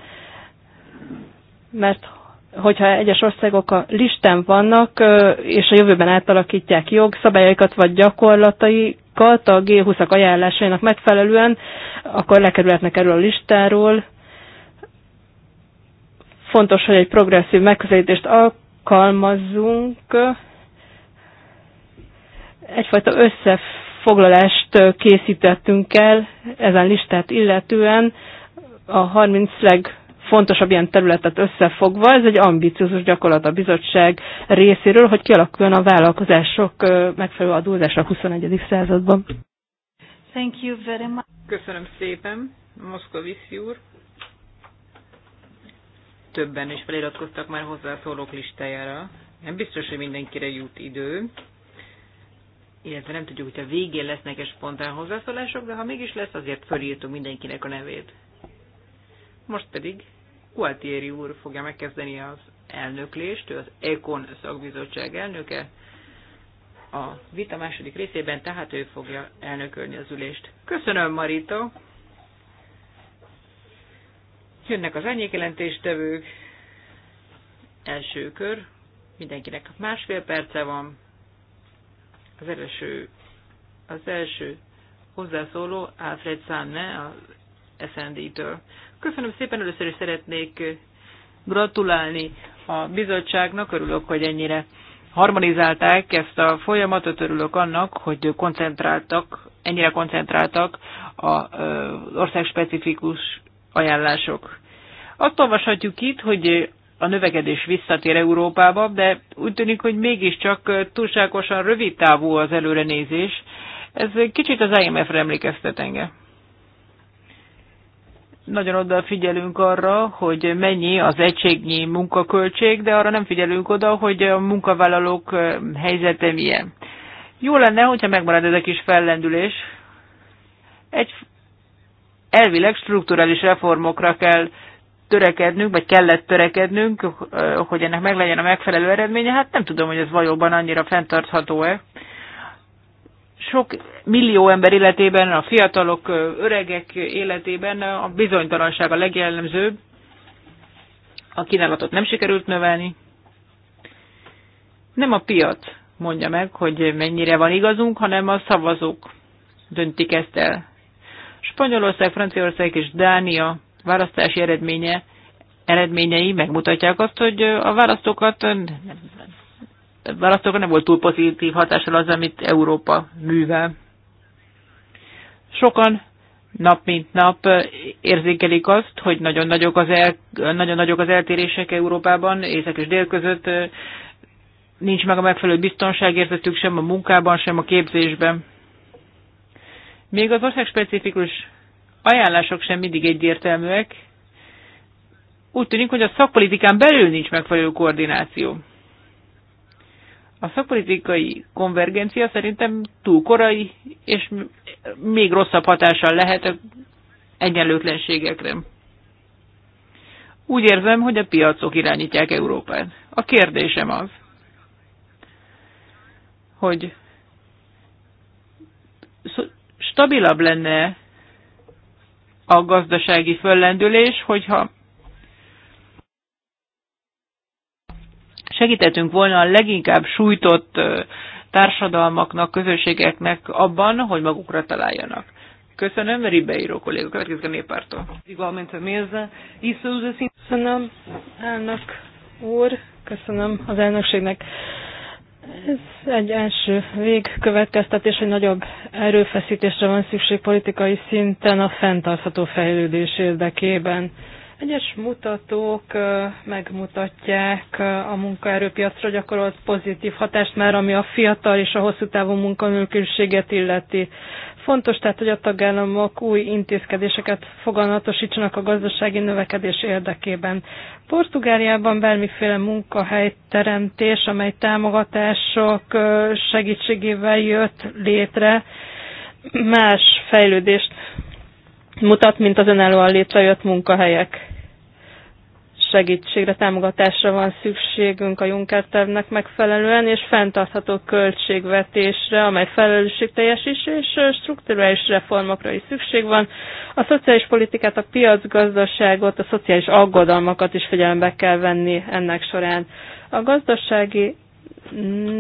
mert hogyha egyes országok a listán vannak, és a jövőben átalakítják jogszabályaikat vagy gyakorlatai, kat a G20-ak ajánlásainak megfelelően, akkor lekerülhetnek erről a listáról. Fontos, hogy egy progresszív megközelítést alkalmazzunk, egyfajta összefoglalást készítettünk el ezen listát illetően, a 30 leg fontosabb ilyen területet összefogva. Ez egy ambiciózus gyakorlat a bizottság részéről, hogy kialakuljon a vállalkozások megfelelő adózásra a 21. században. Thank you very much. Köszönöm szépen, Moszkovici úr. Többen is feliratkoztak már hozzá a szólók listájára. Nem biztos, hogy mindenkire jut idő, illetve nem tudjuk, hogy a végén lesznek-e spontán hozzászólások, de ha mégis lesz, azért fölírtunk mindenkinek a nevét. Most pedig Gualtieri úr fogja megkezdeni az elnöklést, ő az ECON szakbizottság elnöke. A vita második részében tehát ő fogja elnökölni az ülést. Köszönöm, Marita! Jönnek az árnyékjelentéstevők. Első kör. Mindenkinek másfél perce van. Az első, az első hozzászóló Alfred Sanne, az SND-től. Köszönöm szépen, először is szeretnék gratulálni a bizottságnak, örülök, hogy ennyire harmonizálták ezt a folyamatot, örülök annak, hogy koncentráltak, ennyire koncentráltak az országspecifikus ajánlások. Azt olvashatjuk itt, hogy a növekedés visszatér Európába, de úgy tűnik, hogy mégiscsak túlságosan rövid távú az előrenézés. Ez kicsit az IMF-re emlékeztet engem nagyon odafigyelünk arra, hogy mennyi az egységnyi munkaköltség, de arra nem figyelünk oda, hogy a munkavállalók helyzete milyen. Jó lenne, hogyha megmarad ez a kis fellendülés. Egy elvileg strukturális reformokra kell törekednünk, vagy kellett törekednünk, hogy ennek meglegyen a megfelelő eredménye. Hát nem tudom, hogy ez valóban annyira fenntartható-e sok millió ember életében, a fiatalok, öregek életében a bizonytalanság a legjellemzőbb. A kínálatot nem sikerült növelni. Nem a piac mondja meg, hogy mennyire van igazunk, hanem a szavazók döntik ezt el. Spanyolország, Franciaország és Dánia választási eredménye eredményei megmutatják azt, hogy a választókat választókra nem volt túl pozitív hatással az, amit Európa művel. Sokan nap mint nap érzékelik azt, hogy nagyon nagyok az, el, nagyon nagyok az eltérések Európában, észak és dél között, nincs meg a megfelelő biztonságérzetük sem a munkában, sem a képzésben. Még az ország specifikus ajánlások sem mindig egyértelműek. Úgy tűnik, hogy a szakpolitikán belül nincs megfelelő koordináció. A szakpolitikai konvergencia szerintem túl korai, és még rosszabb hatással lehet a egyenlőtlenségekre. Úgy érzem, hogy a piacok irányítják Európát. A kérdésem az, hogy stabilabb lenne a gazdasági föllendülés, hogyha segítettünk volna a leginkább sújtott társadalmaknak, közösségeknek abban, hogy magukra találjanak. Köszönöm, Ribeiro kolléga, következik a néppártól. Igualmente mesa, Köszönöm, elnök úr, köszönöm az elnökségnek. Ez egy első végkövetkeztetés, hogy nagyobb erőfeszítésre van szükség politikai szinten a fenntartható fejlődés érdekében. Egyes mutatók megmutatják a munkaerőpiacra gyakorolt pozitív hatást már, ami a fiatal és a hosszú távú munkanélküliséget illeti. Fontos tehát, hogy a tagállamok új intézkedéseket foganatosítsanak a gazdasági növekedés érdekében. Portugáliában bármiféle munkahelyteremtés, amely támogatások segítségével jött létre, más fejlődést mutat, mint az önállóan létrejött munkahelyek segítségre, támogatásra van szükségünk a Juncker tervnek megfelelően, és fenntartható költségvetésre, amely felelősségteljes is, és strukturális reformokra is szükség van. A szociális politikát, a piacgazdaságot, a szociális aggodalmakat is figyelembe kell venni ennek során. A gazdasági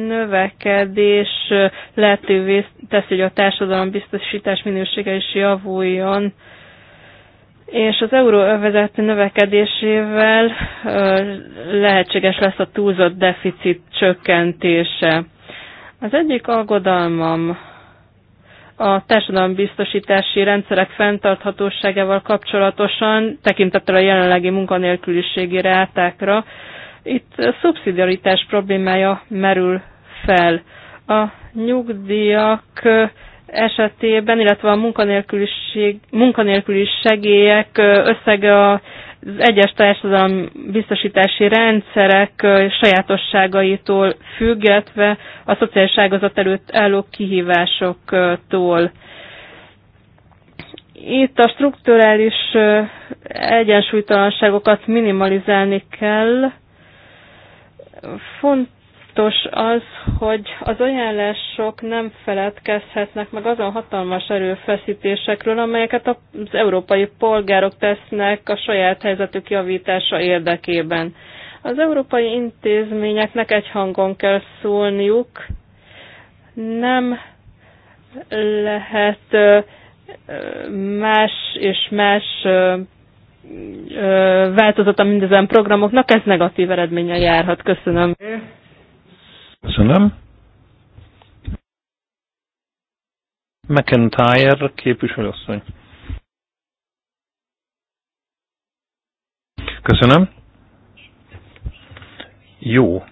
növekedés lehetővé teszi, hogy a társadalombiztosítás minősége is javuljon, és az euróövezet növekedésével lehetséges lesz a túlzott deficit csökkentése. Az egyik aggodalmam a társadalombiztosítási rendszerek fenntarthatóságával kapcsolatosan, tekintettel a jelenlegi munkanélküliségi rátákra, itt a szubszidiaritás problémája merül fel. A nyugdíjak esetében, illetve a munkanélküliség, munkanélkülis segélyek összege az egyes társadalom biztosítási rendszerek sajátosságaitól függetve a szociális ágazat előtt álló kihívásoktól. Itt a strukturális egyensúlytalanságokat minimalizálni kell. Font fontos az, hogy az ajánlások nem feledkezhetnek meg azon hatalmas erőfeszítésekről, amelyeket az európai polgárok tesznek a saját helyzetük javítása érdekében. Az európai intézményeknek egy hangon kell szólniuk, nem lehet más és más változata mindezen programoknak, ez negatív eredménnyel járhat. Köszönöm. Köszönöm. McIntyre képviselőasszony. Köszönöm. Jó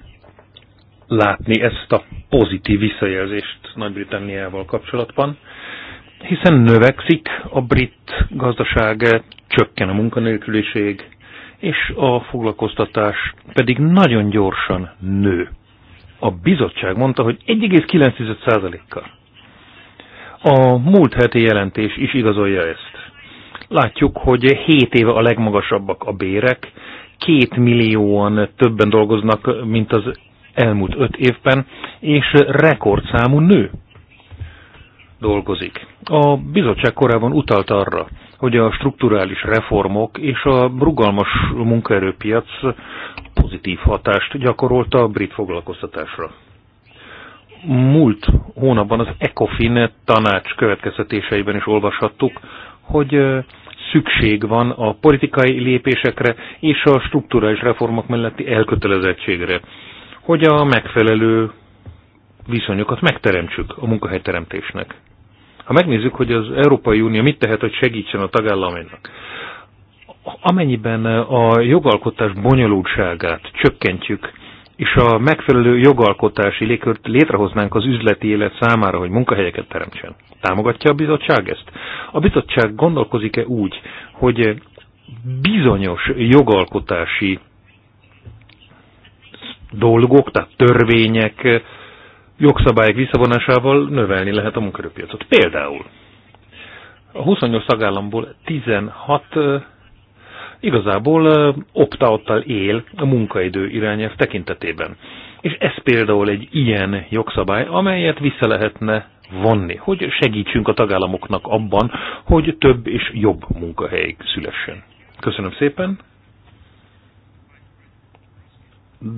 látni ezt a pozitív visszajelzést Nagy-Britanniával kapcsolatban, hiszen növekszik a brit gazdaság, csökken a munkanélküliség, és a foglalkoztatás pedig nagyon gyorsan nő a bizottság mondta, hogy 1,9%-kal. A múlt heti jelentés is igazolja ezt. Látjuk, hogy 7 éve a legmagasabbak a bérek, 2 millióan többen dolgoznak, mint az elmúlt 5 évben, és rekordszámú nő dolgozik. A bizottság korábban utalt arra, hogy a strukturális reformok és a rugalmas munkaerőpiac pozitív hatást gyakorolta a brit foglalkoztatásra. Múlt hónapban az ECOFIN tanács következtetéseiben is olvashattuk, hogy szükség van a politikai lépésekre és a strukturális reformok melletti elkötelezettségre, hogy a megfelelő viszonyokat megteremtsük a munkahelyteremtésnek. Ha megnézzük, hogy az Európai Unió mit tehet, hogy segítsen a tagállamainak, amennyiben a jogalkotás bonyolultságát csökkentjük, és a megfelelő jogalkotási légkört létrehoznánk az üzleti élet számára, hogy munkahelyeket teremtsen. Támogatja a bizottság ezt? A bizottság gondolkozik-e úgy, hogy bizonyos jogalkotási dolgok, tehát törvények jogszabályok visszavonásával növelni lehet a munkerőpiacot. Például a 28 tagállamból 16 igazából opt out él a munkaidő irányelv tekintetében. És ez például egy ilyen jogszabály, amelyet vissza lehetne vonni, hogy segítsünk a tagállamoknak abban, hogy több és jobb munkahely szülessen. Köszönöm szépen.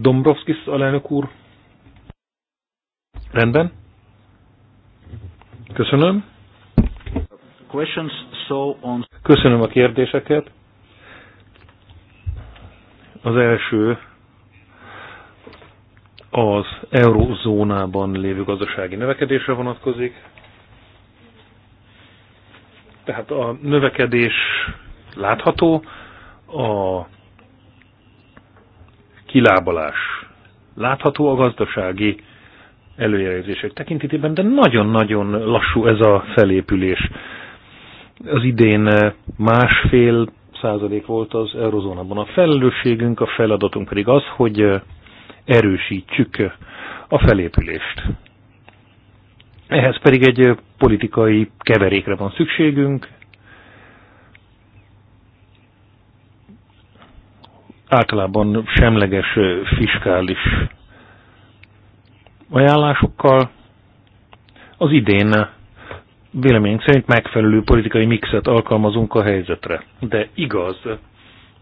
Dombrovskis alelnök úr Rendben. Köszönöm. Köszönöm a kérdéseket. Az első az eurozónában lévő gazdasági növekedésre vonatkozik. Tehát a növekedés látható, a kilábalás látható, a gazdasági előjelzések tekintetében, de nagyon-nagyon lassú ez a felépülés. Az idén eh, másfél százalék volt az eurozónában. A felelősségünk, a feladatunk pedig az, hogy eh, erősítsük eh, a felépülést. Ehhez pedig egy politikai keverékre van szükségünk. Általában semleges fiskális ajánlásokkal. Az idén véleményünk szerint megfelelő politikai mixet alkalmazunk a helyzetre. De igaz,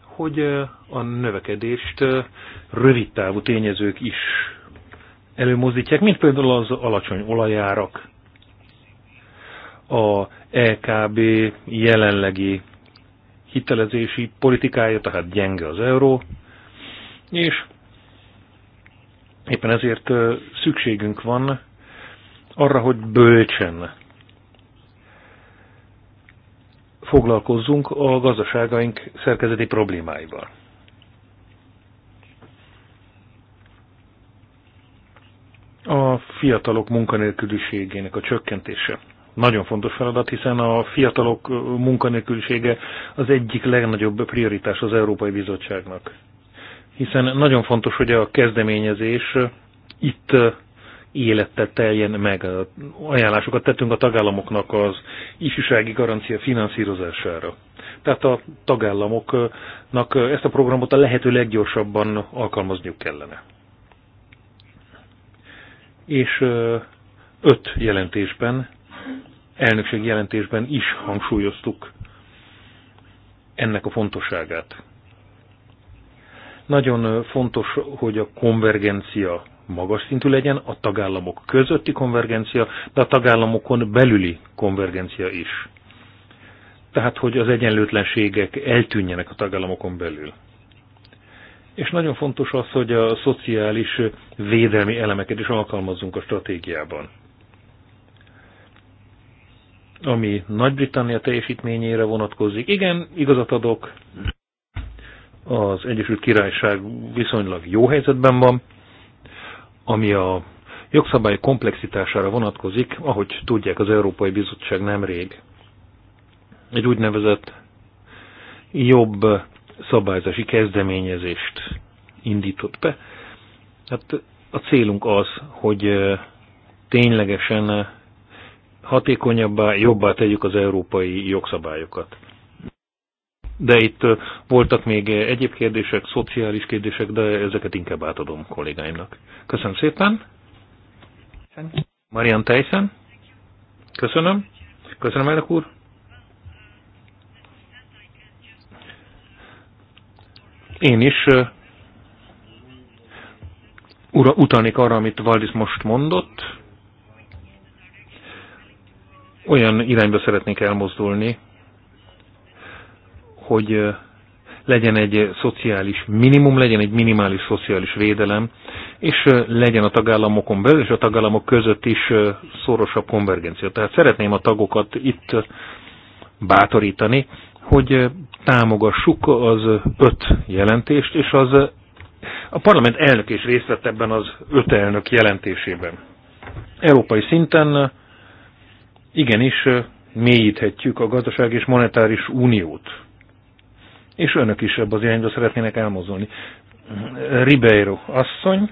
hogy a növekedést rövidtávú tényezők is előmozdítják, mint például az alacsony olajárak, a LKB e jelenlegi hitelezési politikája, tehát gyenge az euró, és Éppen ezért szükségünk van arra, hogy bölcsen foglalkozzunk a gazdaságaink szerkezeti problémáival. A fiatalok munkanélküliségének a csökkentése. Nagyon fontos feladat, hiszen a fiatalok munkanélkülisége az egyik legnagyobb prioritás az Európai Bizottságnak hiszen nagyon fontos, hogy a kezdeményezés itt élettel teljen meg. Ajánlásokat tettünk a tagállamoknak az ifjúsági garancia finanszírozására. Tehát a tagállamoknak ezt a programot a lehető leggyorsabban alkalmazniuk kellene. És öt jelentésben, elnökség jelentésben is hangsúlyoztuk ennek a fontosságát. Nagyon fontos, hogy a konvergencia magas szintű legyen, a tagállamok közötti konvergencia, de a tagállamokon belüli konvergencia is. Tehát, hogy az egyenlőtlenségek eltűnjenek a tagállamokon belül. És nagyon fontos az, hogy a szociális védelmi elemeket is alkalmazzunk a stratégiában. Ami Nagy-Britannia teljesítményére vonatkozik. Igen, igazat adok az Egyesült Királyság viszonylag jó helyzetben van, ami a jogszabály komplexitására vonatkozik, ahogy tudják az Európai Bizottság nemrég egy úgynevezett jobb szabályzási kezdeményezést indított be. Hát a célunk az, hogy ténylegesen hatékonyabbá, jobbá tegyük az európai jogszabályokat de itt voltak még egyéb kérdések, szociális kérdések, de ezeket inkább átadom kollégáimnak. Köszönöm szépen. Marian Tejszen. Köszönöm. Köszönöm, elnök úr. Én is ura, utalnék arra, amit Valdis most mondott. Olyan irányba szeretnék elmozdulni, hogy legyen egy szociális minimum, legyen egy minimális szociális védelem, és legyen a tagállamokon belül és a tagállamok között is szorosabb konvergencia. Tehát szeretném a tagokat itt bátorítani, hogy támogassuk az öt jelentést, és az a parlament elnök is részt vett ebben az öt elnök jelentésében. Európai szinten igenis mélyíthetjük a gazdaság és monetáris uniót és önök is ebbe az irányba szeretnének elmozdulni. Ribeiro asszony,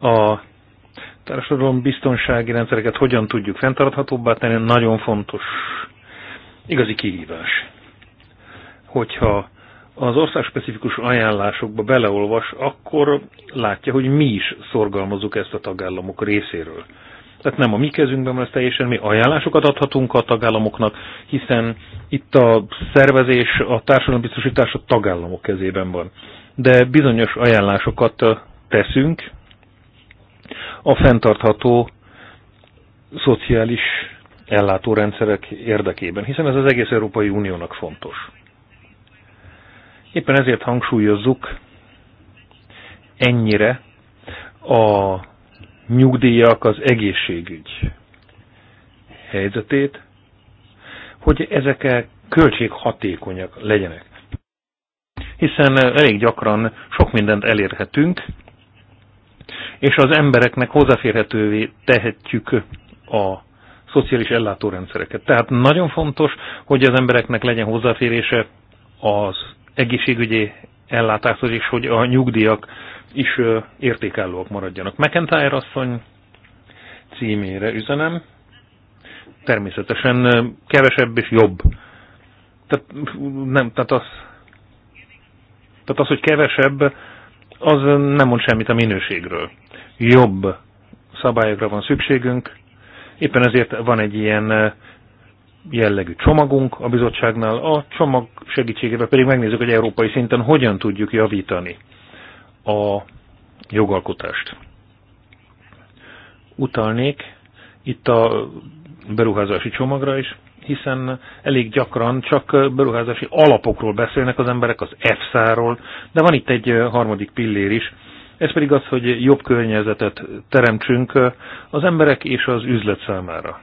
a társadalom biztonsági rendszereket hogyan tudjuk fenntarthatóbbá tenni, nagyon fontos igazi kihívás. Hogyha az ország specifikus ajánlásokba beleolvas, akkor látja, hogy mi is szorgalmazunk ezt a tagállamok részéről. Tehát nem a mi kezünkben lesz teljesen, mi ajánlásokat adhatunk a tagállamoknak, hiszen itt a szervezés, a társadalombiztosítás a tagállamok kezében van. De bizonyos ajánlásokat teszünk a fenntartható szociális ellátórendszerek érdekében, hiszen ez az egész Európai Uniónak fontos. Éppen ezért hangsúlyozzuk ennyire a nyugdíjak, az egészségügy helyzetét, hogy ezek költséghatékonyak legyenek. Hiszen elég gyakran sok mindent elérhetünk, és az embereknek hozzáférhetővé tehetjük a szociális ellátórendszereket. Tehát nagyon fontos, hogy az embereknek legyen hozzáférése az egészségügyi ellátáshoz, és hogy a nyugdíjak is értékállóak maradjanak. McIntyre asszony címére üzenem, természetesen kevesebb és jobb. Tehát, nem, tehát az, tehát az, hogy kevesebb, az nem mond semmit a minőségről. Jobb szabályokra van szükségünk, éppen ezért van egy ilyen jellegű csomagunk a bizottságnál, a csomag segítségével pedig megnézzük, hogy európai szinten hogyan tudjuk javítani a jogalkotást. Utalnék itt a beruházási csomagra is, hiszen elég gyakran csak beruházási alapokról beszélnek az emberek, az EFSA-ról, de van itt egy harmadik pillér is, ez pedig az, hogy jobb környezetet teremtsünk az emberek és az üzlet számára.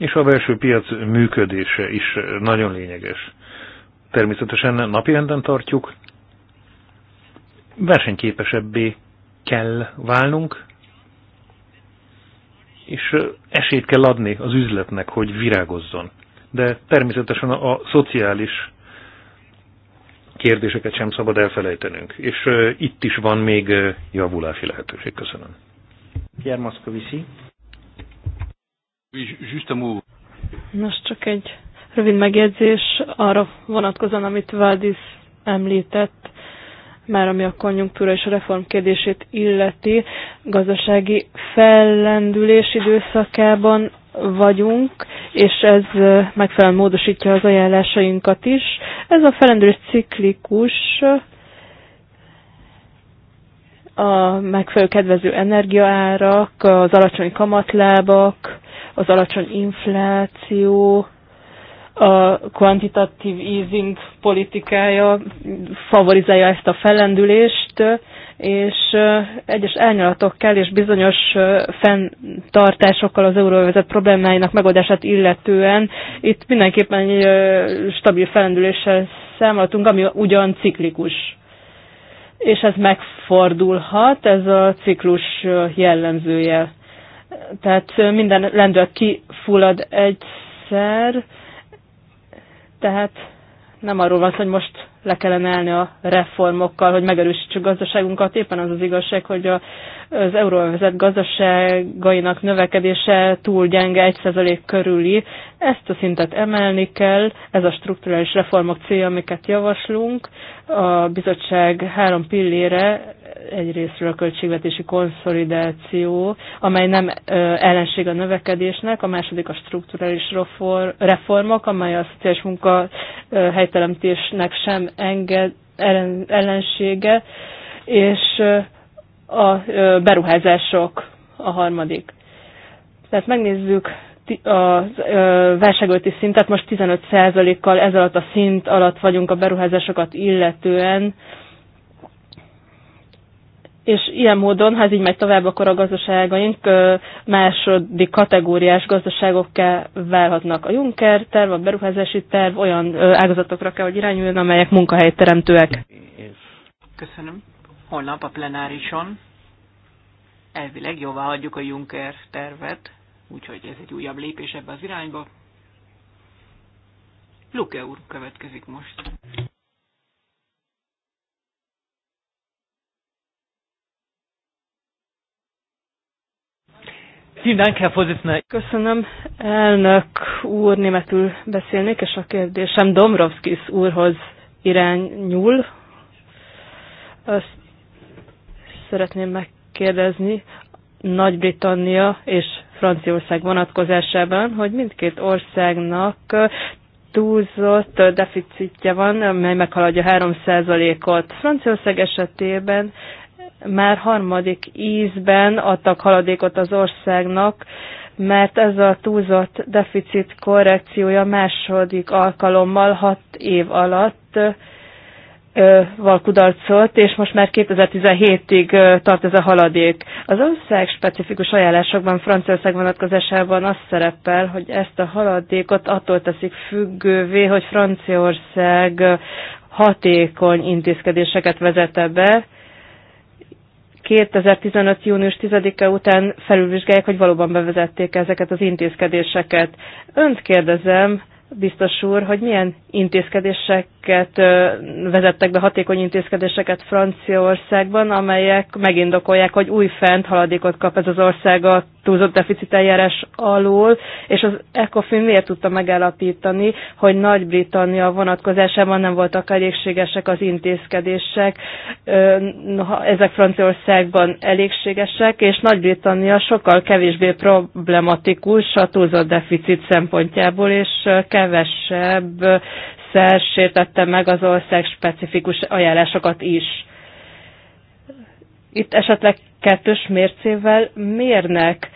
és a belső piac működése is nagyon lényeges. Természetesen napirenden tartjuk, versenyképesebbé kell válnunk, és esélyt kell adni az üzletnek, hogy virágozzon. De természetesen a, a szociális kérdéseket sem szabad elfelejtenünk. És itt is van még javulási lehetőség. Köszönöm. Pierre Moscovici. Nos, csak egy rövid megjegyzés arra vonatkozóan, amit Valdis említett, már ami a konjunktúra és a reform kérdését illeti, gazdasági fellendülés időszakában vagyunk, és ez megfelelően módosítja az ajánlásainkat is. Ez a fellendülés ciklikus, a megfelelő kedvező energiaárak, az alacsony kamatlábak, az alacsony infláció, a kvantitatív easing politikája favorizálja ezt a fellendülést, és egyes elnyalatokkal és bizonyos fenntartásokkal az euróvezet problémáinak megoldását illetően itt mindenképpen egy stabil fellendüléssel számoltunk, ami ugyan ciklikus. És ez megfordulhat, ez a ciklus jellemzője. Tehát minden lendület kifullad egyszer, tehát nem arról van szó, hogy most le kellene állni a reformokkal, hogy megerősítsük gazdaságunkat. Éppen az az igazság, hogy a, az euróvezet gazdaságainak növekedése túl gyenge, 1% körüli. Ezt a szintet emelni kell, ez a strukturális reformok célja, amiket javaslunk. A bizottság három pillére egyrésztről a költségvetési konszolidáció, amely nem ellenség a növekedésnek, a második a strukturális reformok, amely a szociális munka helyteremtésnek sem enged, ellensége, és a beruházások a harmadik. Tehát megnézzük a válságölti szintet, most 15%-kal ez alatt a szint alatt vagyunk a beruházásokat illetően, és ilyen módon, ha ez így megy tovább, akkor a gazdaságaink második kategóriás gazdaságokká válhatnak. A Juncker terv, a beruházási terv olyan ágazatokra kell, hogy irányuljon, amelyek munkahelyteremtőek. Köszönöm. Holnap a plenárison elvileg jóvá hagyjuk a Juncker tervet, úgyhogy ez egy újabb lépés ebbe az irányba. Luke úr következik most. Köszönöm, elnök úr, németül beszélnék, és a kérdésem Domrovskis úrhoz irányul. Azt szeretném megkérdezni Nagy-Britannia és Franciaország vonatkozásában, hogy mindkét országnak túlzott deficitje van, mely meghaladja 3%-ot. Franciaország esetében már harmadik ízben adtak haladékot az országnak, mert ez a túlzott deficit korrekciója második alkalommal hat év alatt val kudarcolt, és most már 2017-ig tart ez a haladék. Az ország specifikus ajánlásokban Franciaország vonatkozásában az szerepel, hogy ezt a haladékot attól teszik függővé, hogy Franciaország hatékony intézkedéseket vezete be, 2015. június 10-e után felülvizsgálják, hogy valóban bevezették ezeket az intézkedéseket. Önt kérdezem, biztos úr, hogy milyen intézkedéseket vezettek be, hatékony intézkedéseket Franciaországban, amelyek megindokolják, hogy új fent haladékot kap ez az ország a túlzott deficiteljárás alól, és az ECOFIN miért tudta megállapítani, hogy Nagy-Britannia vonatkozásában nem voltak elégségesek az intézkedések, ezek Franciaországban elégségesek, és Nagy-Britannia sokkal kevésbé problematikus a túlzott deficit szempontjából, és kevesebb szer sértette meg az ország specifikus ajánlásokat is. Itt esetleg kettős mércével mérnek,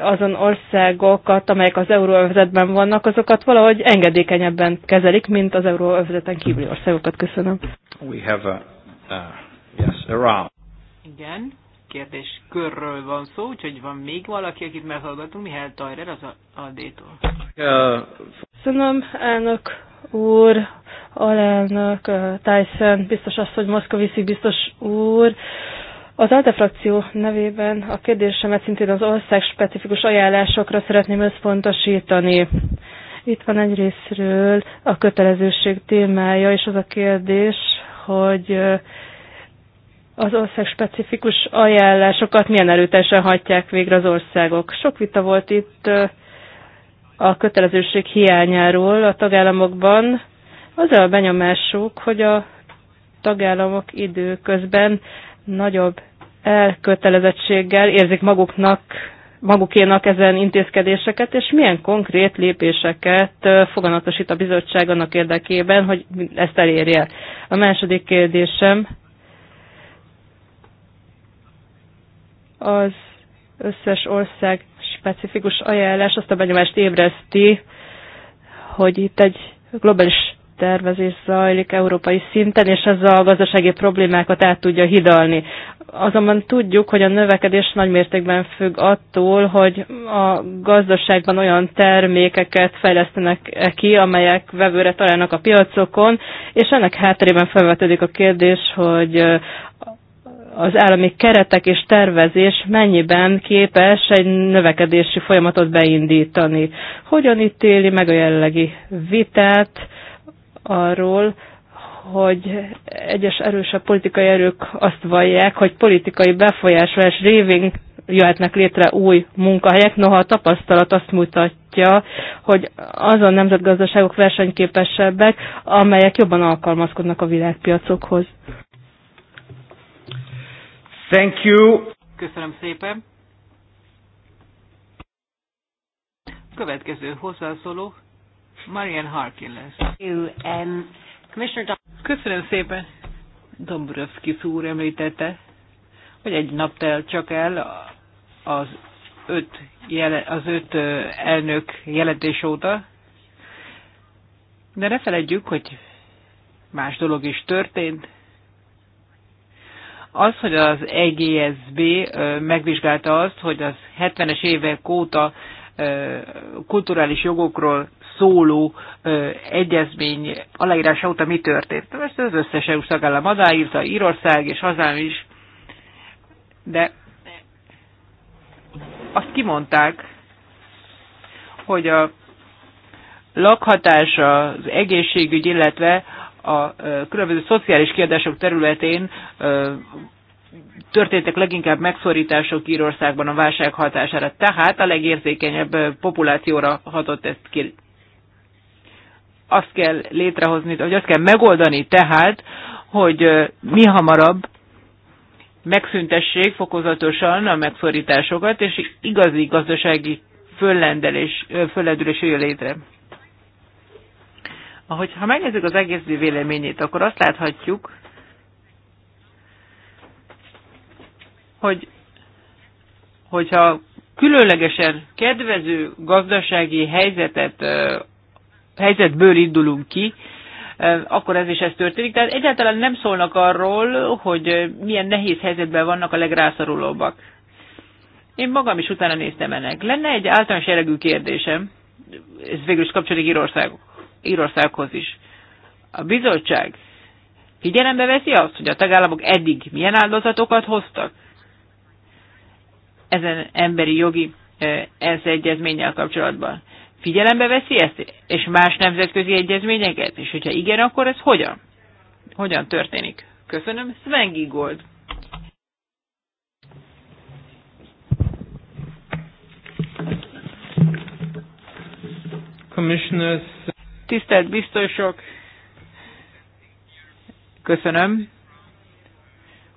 azon országokat, amelyek az euróövezetben vannak, azokat valahogy engedékenyebben kezelik, mint az euróövezeten kívüli országokat. Köszönöm. We have a, uh, yes, around. Igen, kérdés körről van szó, úgyhogy van még valaki, akit meghallgatunk, Mihály Tajrer, az D-tól. Köszönöm, elnök úr, alelnök, Tyson, biztos azt, hogy viszi, biztos úr. Uh, az ALDE frakció nevében a kérdésemet szintén az ország specifikus ajánlásokra szeretném összpontosítani. Itt van egy részről a kötelezőség témája, és az a kérdés, hogy az ország specifikus ajánlásokat milyen erőtesen hagyják végre az országok. Sok vita volt itt a kötelezőség hiányáról a tagállamokban. Az a benyomásuk, hogy a tagállamok időközben nagyobb elkötelezettséggel érzik maguknak, magukénak ezen intézkedéseket, és milyen konkrét lépéseket foganatosít a bizottság annak érdekében, hogy ezt elérje. A második kérdésem az összes ország specifikus ajánlás azt a benyomást ébreszti, hogy itt egy globális tervezés zajlik európai szinten, és ez a gazdasági problémákat át tudja hidalni. Azonban tudjuk, hogy a növekedés nagymértékben függ attól, hogy a gazdaságban olyan termékeket fejlesztenek -e ki, amelyek vevőre találnak a piacokon, és ennek hátterében felvetődik a kérdés, hogy az állami keretek és tervezés mennyiben képes egy növekedési folyamatot beindítani. Hogyan ítéli meg a jelenlegi vitát, arról, hogy egyes erősebb politikai erők azt vallják, hogy politikai befolyásolás révén jöhetnek létre új munkahelyek, noha a tapasztalat azt mutatja, hogy azon nemzetgazdaságok versenyképesebbek, amelyek jobban alkalmazkodnak a világpiacokhoz. Thank you. Köszönöm szépen. Következő hozzászóló Marian Harkin lesz. Um, Köszönöm szépen. Dombrovski úr említette, hogy egy nap telt csak el az öt, jele, az öt elnök jelentés óta, de ne feledjük, hogy más dolog is történt. Az, hogy az EGSB megvizsgálta azt, hogy az 70-es évek óta kulturális jogokról szóló egyezmény aláírása óta mi történt. Ezt az összes EU szagállam aláírta, Írország és hazám is, de azt kimondták, hogy a lakhatás, az egészségügy, illetve a különböző szociális kiadások területén történtek leginkább megszorítások Írországban a válság hatására, tehát a legérzékenyebb populációra hatott ezt azt kell létrehozni, hogy azt kell megoldani tehát, hogy mi hamarabb megszüntessék fokozatosan a megszorításokat, és igazi gazdasági föllendelés, föllendülés jöjjön létre. Ahogy ha megnézzük az egész véleményét, akkor azt láthatjuk, hogy hogyha különlegesen kedvező gazdasági helyzetet helyzetből indulunk ki, akkor ez is ez történik. Tehát egyáltalán nem szólnak arról, hogy milyen nehéz helyzetben vannak a legrászorulóbbak. Én magam is utána néztem ennek. Lenne egy általános jellegű kérdésem, ez végül is kapcsolódik Írország, Írországhoz is. A bizottság figyelembe veszi azt, hogy a tagállamok eddig milyen áldozatokat hoztak? Ezen emberi jogi ez egyezménnyel kapcsolatban figyelembe veszi ezt, és más nemzetközi egyezményeket? És hogyha igen, akkor ez hogyan? Hogyan történik? Köszönöm, Sven Gigold. Tisztelt biztosok, köszönöm,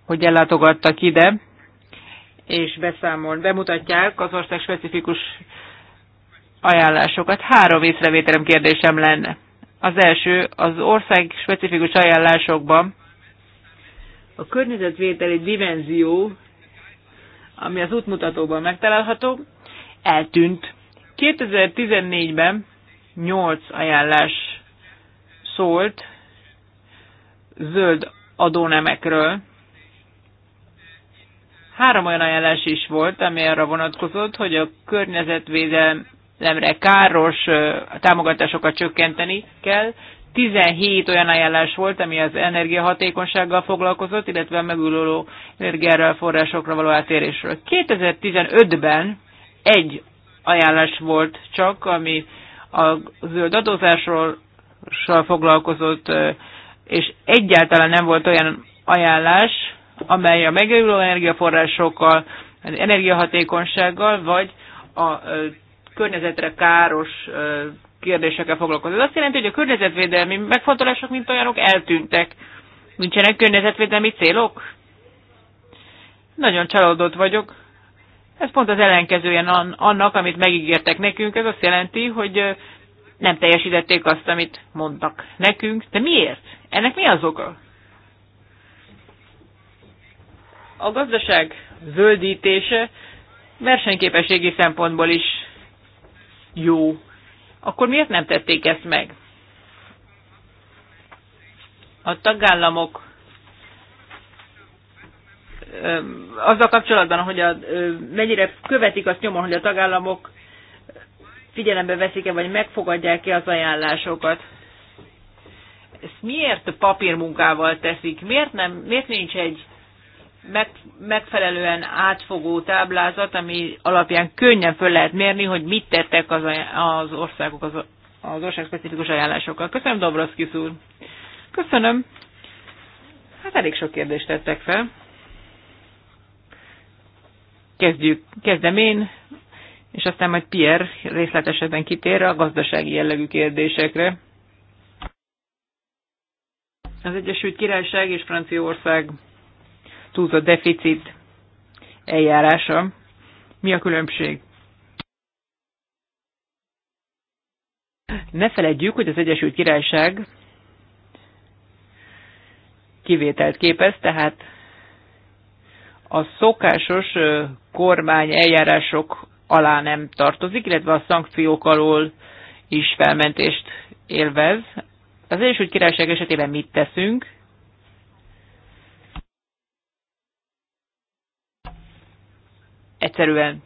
hogy ellátogattak ide, és beszámol, bemutatják az ország specifikus ajánlásokat. Három észrevételem kérdésem lenne. Az első, az ország specifikus ajánlásokban a környezetvételi dimenzió, ami az útmutatóban megtalálható, eltűnt. 2014-ben 8 ajánlás szólt zöld adónemekről. Három olyan ajánlás is volt, ami arra vonatkozott, hogy a környezetvédelem nemre káros támogatásokat csökkenteni kell. 17 olyan ajánlás volt, ami az energiahatékonysággal foglalkozott, illetve a megújuló energiaforrásokra való átérésről. 2015-ben egy ajánlás volt csak, ami a zöld adózásról foglalkozott, és egyáltalán nem volt olyan ajánlás, amely a megújuló energiaforrásokkal, az energiahatékonysággal, vagy a környezetre káros kérdésekkel foglalkozik. Ez azt jelenti, hogy a környezetvédelmi megfontolások, mint olyanok, eltűntek. Nincsenek környezetvédelmi célok? Nagyon csalódott vagyok. Ez pont az ellenkezője annak, amit megígértek nekünk. Ez azt jelenti, hogy nem teljesítették azt, amit mondtak nekünk. De miért? Ennek mi az oka? A gazdaság zöldítése versenyképességi szempontból is jó, akkor miért nem tették ezt meg? A tagállamok azzal kapcsolatban, hogy a, mennyire követik azt nyomon, hogy a tagállamok figyelembe veszik-e, vagy megfogadják-e az ajánlásokat. Ezt miért papírmunkával teszik? Miért, nem, miért nincs egy megfelelően átfogó táblázat, ami alapján könnyen föl lehet mérni, hogy mit tettek az, az országok az, az ország specifikus ajánlásokkal. Köszönöm, Dobroszkis úr. Köszönöm. Hát elég sok kérdést tettek fel. Kezdjük, kezdem én, és aztán majd Pierre részletesebben kitér a gazdasági jellegű kérdésekre. Az Egyesült Királyság és Franciaország túlzott deficit eljárása. Mi a különbség? Ne feledjük, hogy az Egyesült Királyság kivételt képez, tehát a szokásos kormány eljárások alá nem tartozik, illetve a szankciók alól is felmentést élvez. Az Egyesült Királyság esetében mit teszünk? egyszerűen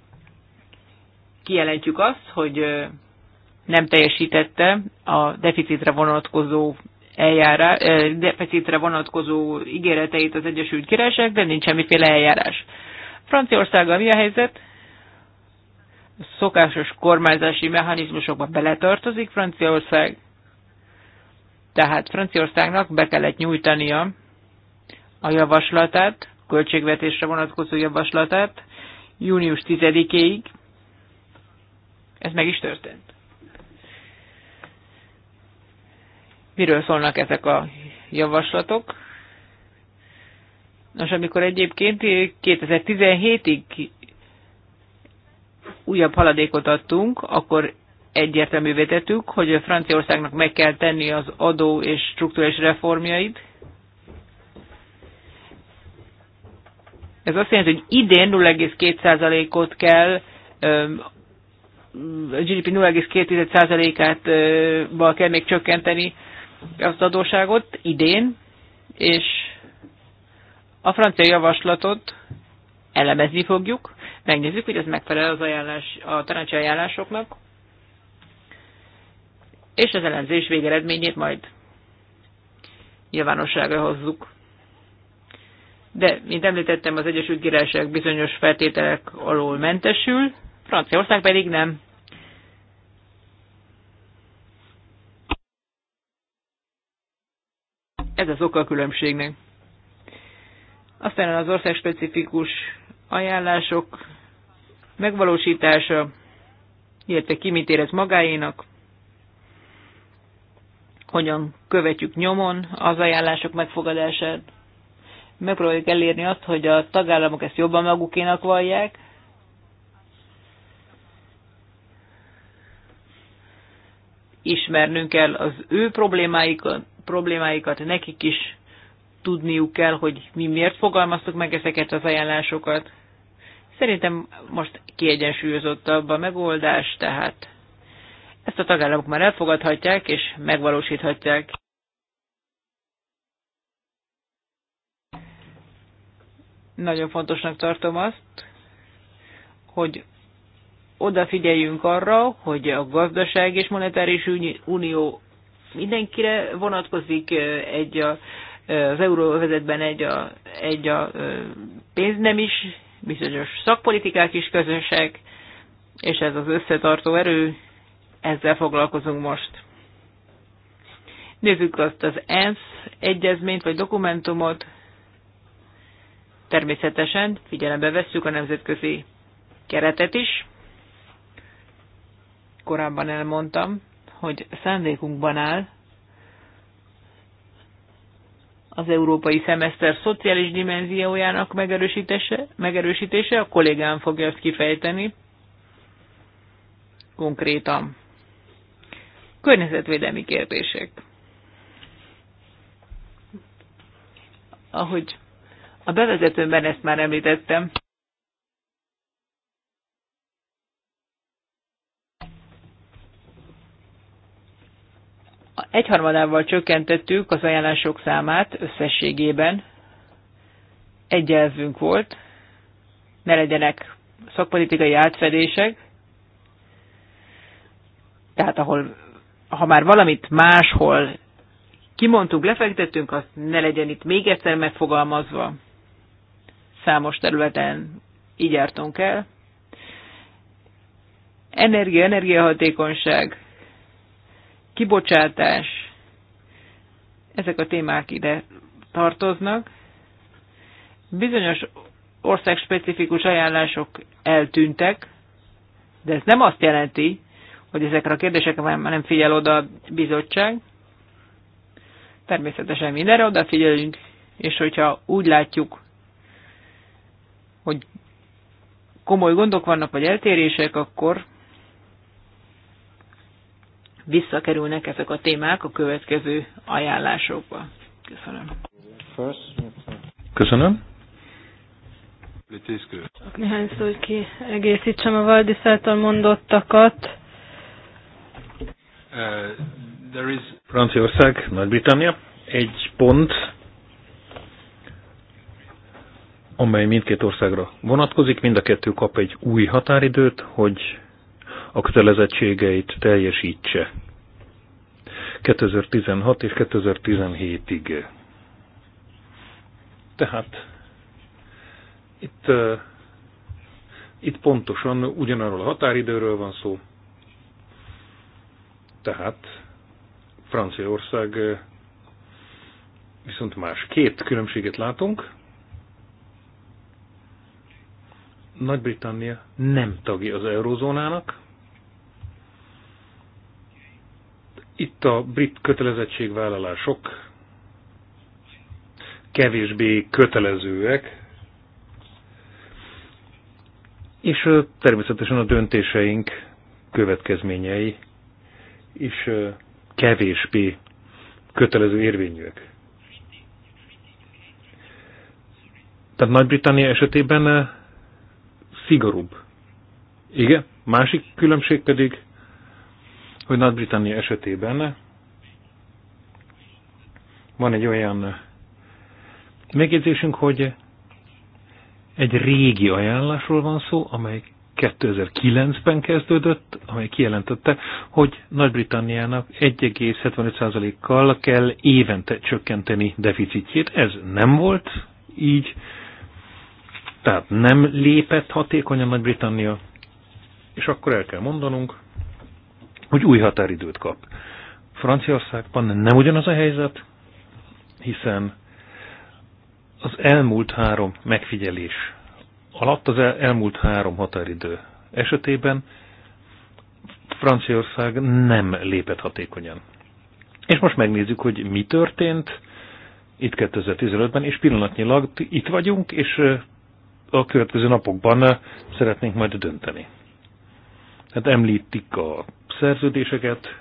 kijelentjük azt, hogy nem teljesítette a deficitre vonatkozó eljárás, deficitre vonatkozó ígéreteit az Egyesült Királyság, de nincs semmiféle eljárás. Franciaországgal mi a helyzet? A szokásos kormányzási mechanizmusokba beletartozik Franciaország, tehát Franciaországnak be kellett nyújtania a javaslatát, költségvetésre vonatkozó javaslatát, június 10-éig. Ez meg is történt. Miről szólnak ezek a javaslatok? Nos, amikor egyébként 2017-ig újabb haladékot adtunk, akkor egyértelművé tettük, hogy Franciaországnak meg kell tenni az adó és struktúrális reformjait, Ez azt jelenti, hogy idén 0,2%-ot kell a GDP 0,2%-át kell még csökkenteni az adóságot idén, és a francia javaslatot elemezni fogjuk. Megnézzük, hogy ez megfelel az ajánlás, a tanácsi ajánlásoknak, és az elemzés végeredményét majd nyilvánosságra hozzuk de, mint említettem, az Egyesült Királyság bizonyos feltételek alól mentesül, Franciaország pedig nem. Ez az oka a különbségnek. Aztán az ország specifikus ajánlások megvalósítása, illetve ki mit érez magáénak, hogyan követjük nyomon az ajánlások megfogadását, megpróbáljuk elérni azt, hogy a tagállamok ezt jobban magukénak vallják, ismernünk kell az ő problémáikat, problémáikat, nekik is tudniuk kell, hogy mi miért fogalmaztuk meg ezeket az ajánlásokat. Szerintem most kiegyensúlyozottabb a megoldás, tehát ezt a tagállamok már elfogadhatják és megvalósíthatják. Nagyon fontosnak tartom azt, hogy odafigyeljünk arra, hogy a gazdaság és monetáris unió mindenkire vonatkozik egy a, az euróvezetben egy a, egy a pénz nem is, bizonyos szakpolitikák is közösek, és ez az összetartó erő, ezzel foglalkozunk most. Nézzük azt az ENSZ egyezményt vagy dokumentumot, Természetesen figyelembe vesszük a nemzetközi keretet is. Korábban elmondtam, hogy szándékunkban áll az európai szemeszter szociális dimenziójának megerősítése, megerősítése, a kollégám fogja ezt kifejteni konkrétan. Környezetvédelmi kérdések. Ahogy a bevezetőmben ezt már említettem. Egyharmadával csökkentettük az ajánlások számát összességében. Egy elvünk volt, ne legyenek szakpolitikai átfedések, tehát ahol, ha már valamit máshol kimondtuk, lefektettünk, azt ne legyen itt még egyszer megfogalmazva. Számos területen így jártunk el. Energia, energiahatékonyság, kibocsátás, ezek a témák ide tartoznak. Bizonyos országspecifikus ajánlások eltűntek, de ez nem azt jelenti, hogy ezekre a kérdésekre már nem figyel oda a bizottság. Természetesen mindenre odafigyelünk, és hogyha úgy látjuk, hogy komoly gondok vannak, vagy eltérések, akkor visszakerülnek ezek a témák a következő ajánlásokba. Köszönöm. Köszönöm. Csak néhány szó, hogy kiegészítsem a Valdis által mondottakat. Uh, Franciaország, Nagy-Britannia. Egy pont, amely mindkét országra vonatkozik, mind a kettő kap egy új határidőt, hogy a kötelezettségeit teljesítse. 2016 és 2017-ig. Tehát itt, uh, itt pontosan ugyanarról a határidőről van szó. Tehát Franciaország viszont más két különbséget látunk Nagy-Britannia nem tagja az eurozónának. Itt a brit kötelezettségvállalások kevésbé kötelezőek, és természetesen a döntéseink következményei is kevésbé kötelező érvényűek. Tehát Nagy-Britannia esetében szigorúbb. Igen, másik különbség pedig, hogy Nagy-Britannia esetében van egy olyan megjegyzésünk, hogy egy régi ajánlásról van szó, amely 2009-ben kezdődött, amely kijelentette, hogy Nagy-Britanniának 1,75%-kal kell évente csökkenteni deficitjét. Ez nem volt így, tehát nem lépett hatékonyan Nagy-Britannia, és akkor el kell mondanunk, hogy új határidőt kap. Franciaországban nem ugyanaz a helyzet, hiszen az elmúlt három megfigyelés alatt az elmúlt három határidő esetében Franciaország nem lépett hatékonyan. És most megnézzük, hogy mi történt itt 2015-ben, és pillanatnyilag itt vagyunk, és a következő napokban eh, szeretnénk majd dönteni. Tehát említik a szerződéseket,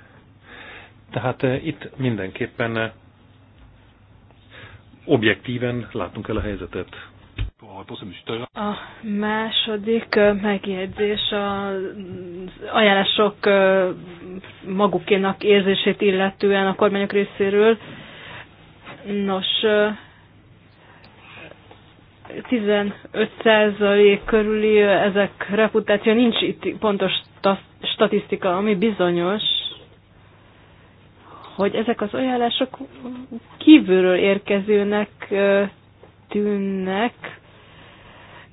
tehát eh, itt mindenképpen eh, objektíven látunk el a helyzetet. A második megjegyzés az ajánlások magukénak érzését illetően a kormányok részéről. Nos, 15% körüli ezek reputáció, nincs itt pontos statisztika, ami bizonyos, hogy ezek az ajánlások kívülről érkezőnek tűnnek,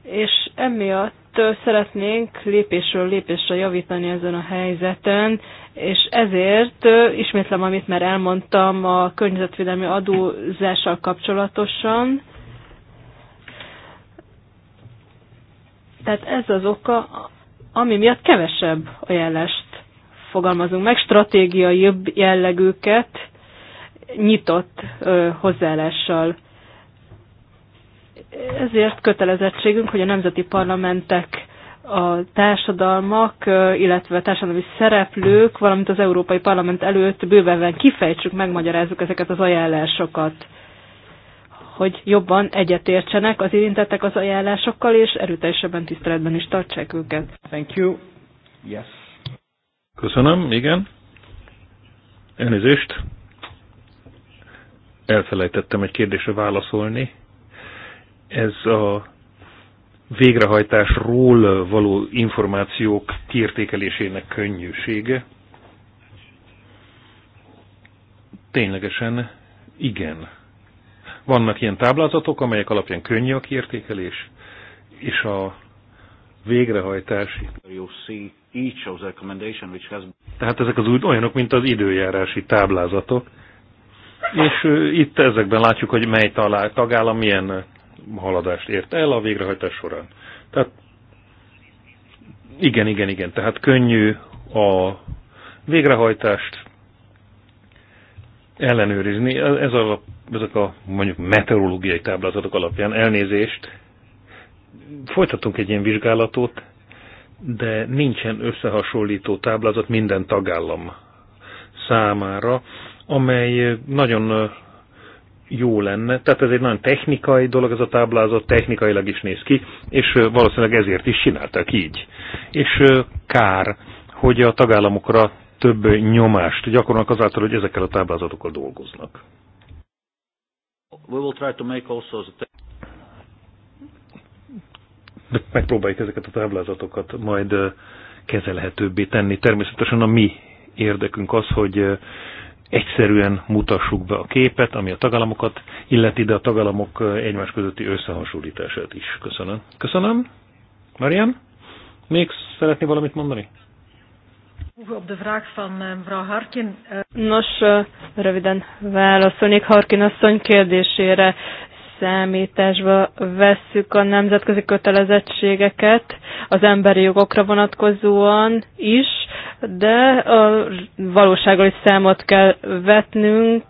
és emiatt szeretnénk lépésről lépésre javítani ezen a helyzeten, és ezért ismétlem, amit már elmondtam a környezetvédelmi adózással kapcsolatosan, Tehát ez az oka, ami miatt kevesebb ajánlást fogalmazunk meg, stratégiai jellegűket nyitott ö, hozzáállással. Ezért kötelezettségünk, hogy a nemzeti parlamentek a társadalmak, illetve társadalmi szereplők, valamint az Európai Parlament előtt bővenven kifejtsük, megmagyarázzuk ezeket az ajánlásokat hogy jobban egyetértsenek az érintettek az ajánlásokkal, és erőteljesebben tiszteletben is tartsák őket. Thank you. Yes. Köszönöm, igen. Elnézést. Elfelejtettem egy kérdésre válaszolni. Ez a végrehajtásról való információk kiértékelésének könnyűsége. Ténylegesen igen vannak ilyen táblázatok, amelyek alapján könnyű a kiértékelés, és a végrehajtási. Tehát ezek az úgy olyanok, mint az időjárási táblázatok. És itt ezekben látjuk, hogy mely tagállam milyen haladást ért el a végrehajtás során. Tehát igen, igen, igen. Tehát könnyű a végrehajtást ellenőrizni. Ez a ezek a mondjuk meteorológiai táblázatok alapján elnézést. Folytatunk egy ilyen vizsgálatot, de nincsen összehasonlító táblázat minden tagállam számára, amely eh, nagyon eh, jó lenne. Tehát ez egy nagyon technikai dolog, ez a táblázat technikailag is néz ki, és eh, valószínűleg ezért is csinálták így. És kár, hogy a tagállamokra több nyomást gyakorolnak azáltal, hogy ezekkel a táblázatokkal dolgoznak we will try to make also the megpróbáljuk ezeket a táblázatokat majd kezelhetőbbé tenni. Természetesen a mi érdekünk az, hogy egyszerűen mutassuk be a képet, ami a tagállamokat illeti, de a tagállamok egymás közötti összehasonlítását is. Köszönöm. Köszönöm. Marian, még szeretné valamit mondani? Op de vraag van eh, mevrouw Harkin. Eh, Nos, eh, röviden válaszolnék Harkin asszony kérdésére. Számításba vesszük a nemzetközi kötelezettségeket az emberi jogokra vonatkozóan is, de a valósággal is számot kell vetnünk.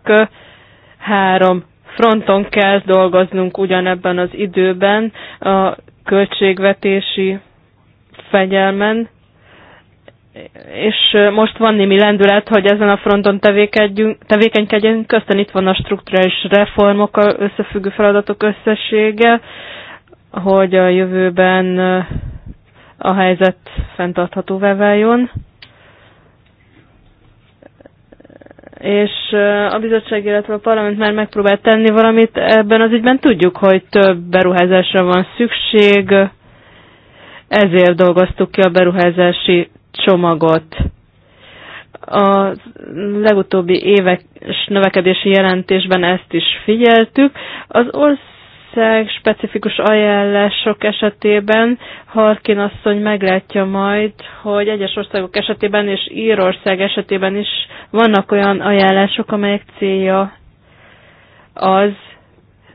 Három fronton kell dolgoznunk ugyanebben az időben a költségvetési fegyelmen, és most van némi lendület, hogy ezen a fronton tevékenykedjünk, köztön itt van a strukturális reformok összefüggő feladatok összessége, hogy a jövőben a helyzet fenntarthatóvá váljon. És a bizottság, illetve a parlament már megpróbált tenni valamit ebben az ügyben. Tudjuk, hogy több beruházásra van szükség, ezért dolgoztuk ki a beruházási csomagot. A legutóbbi évek növekedési jelentésben ezt is figyeltük. Az ország specifikus ajánlások esetében Harkin asszony meglátja majd, hogy egyes országok esetében és Írország esetében is vannak olyan ajánlások, amelyek célja az,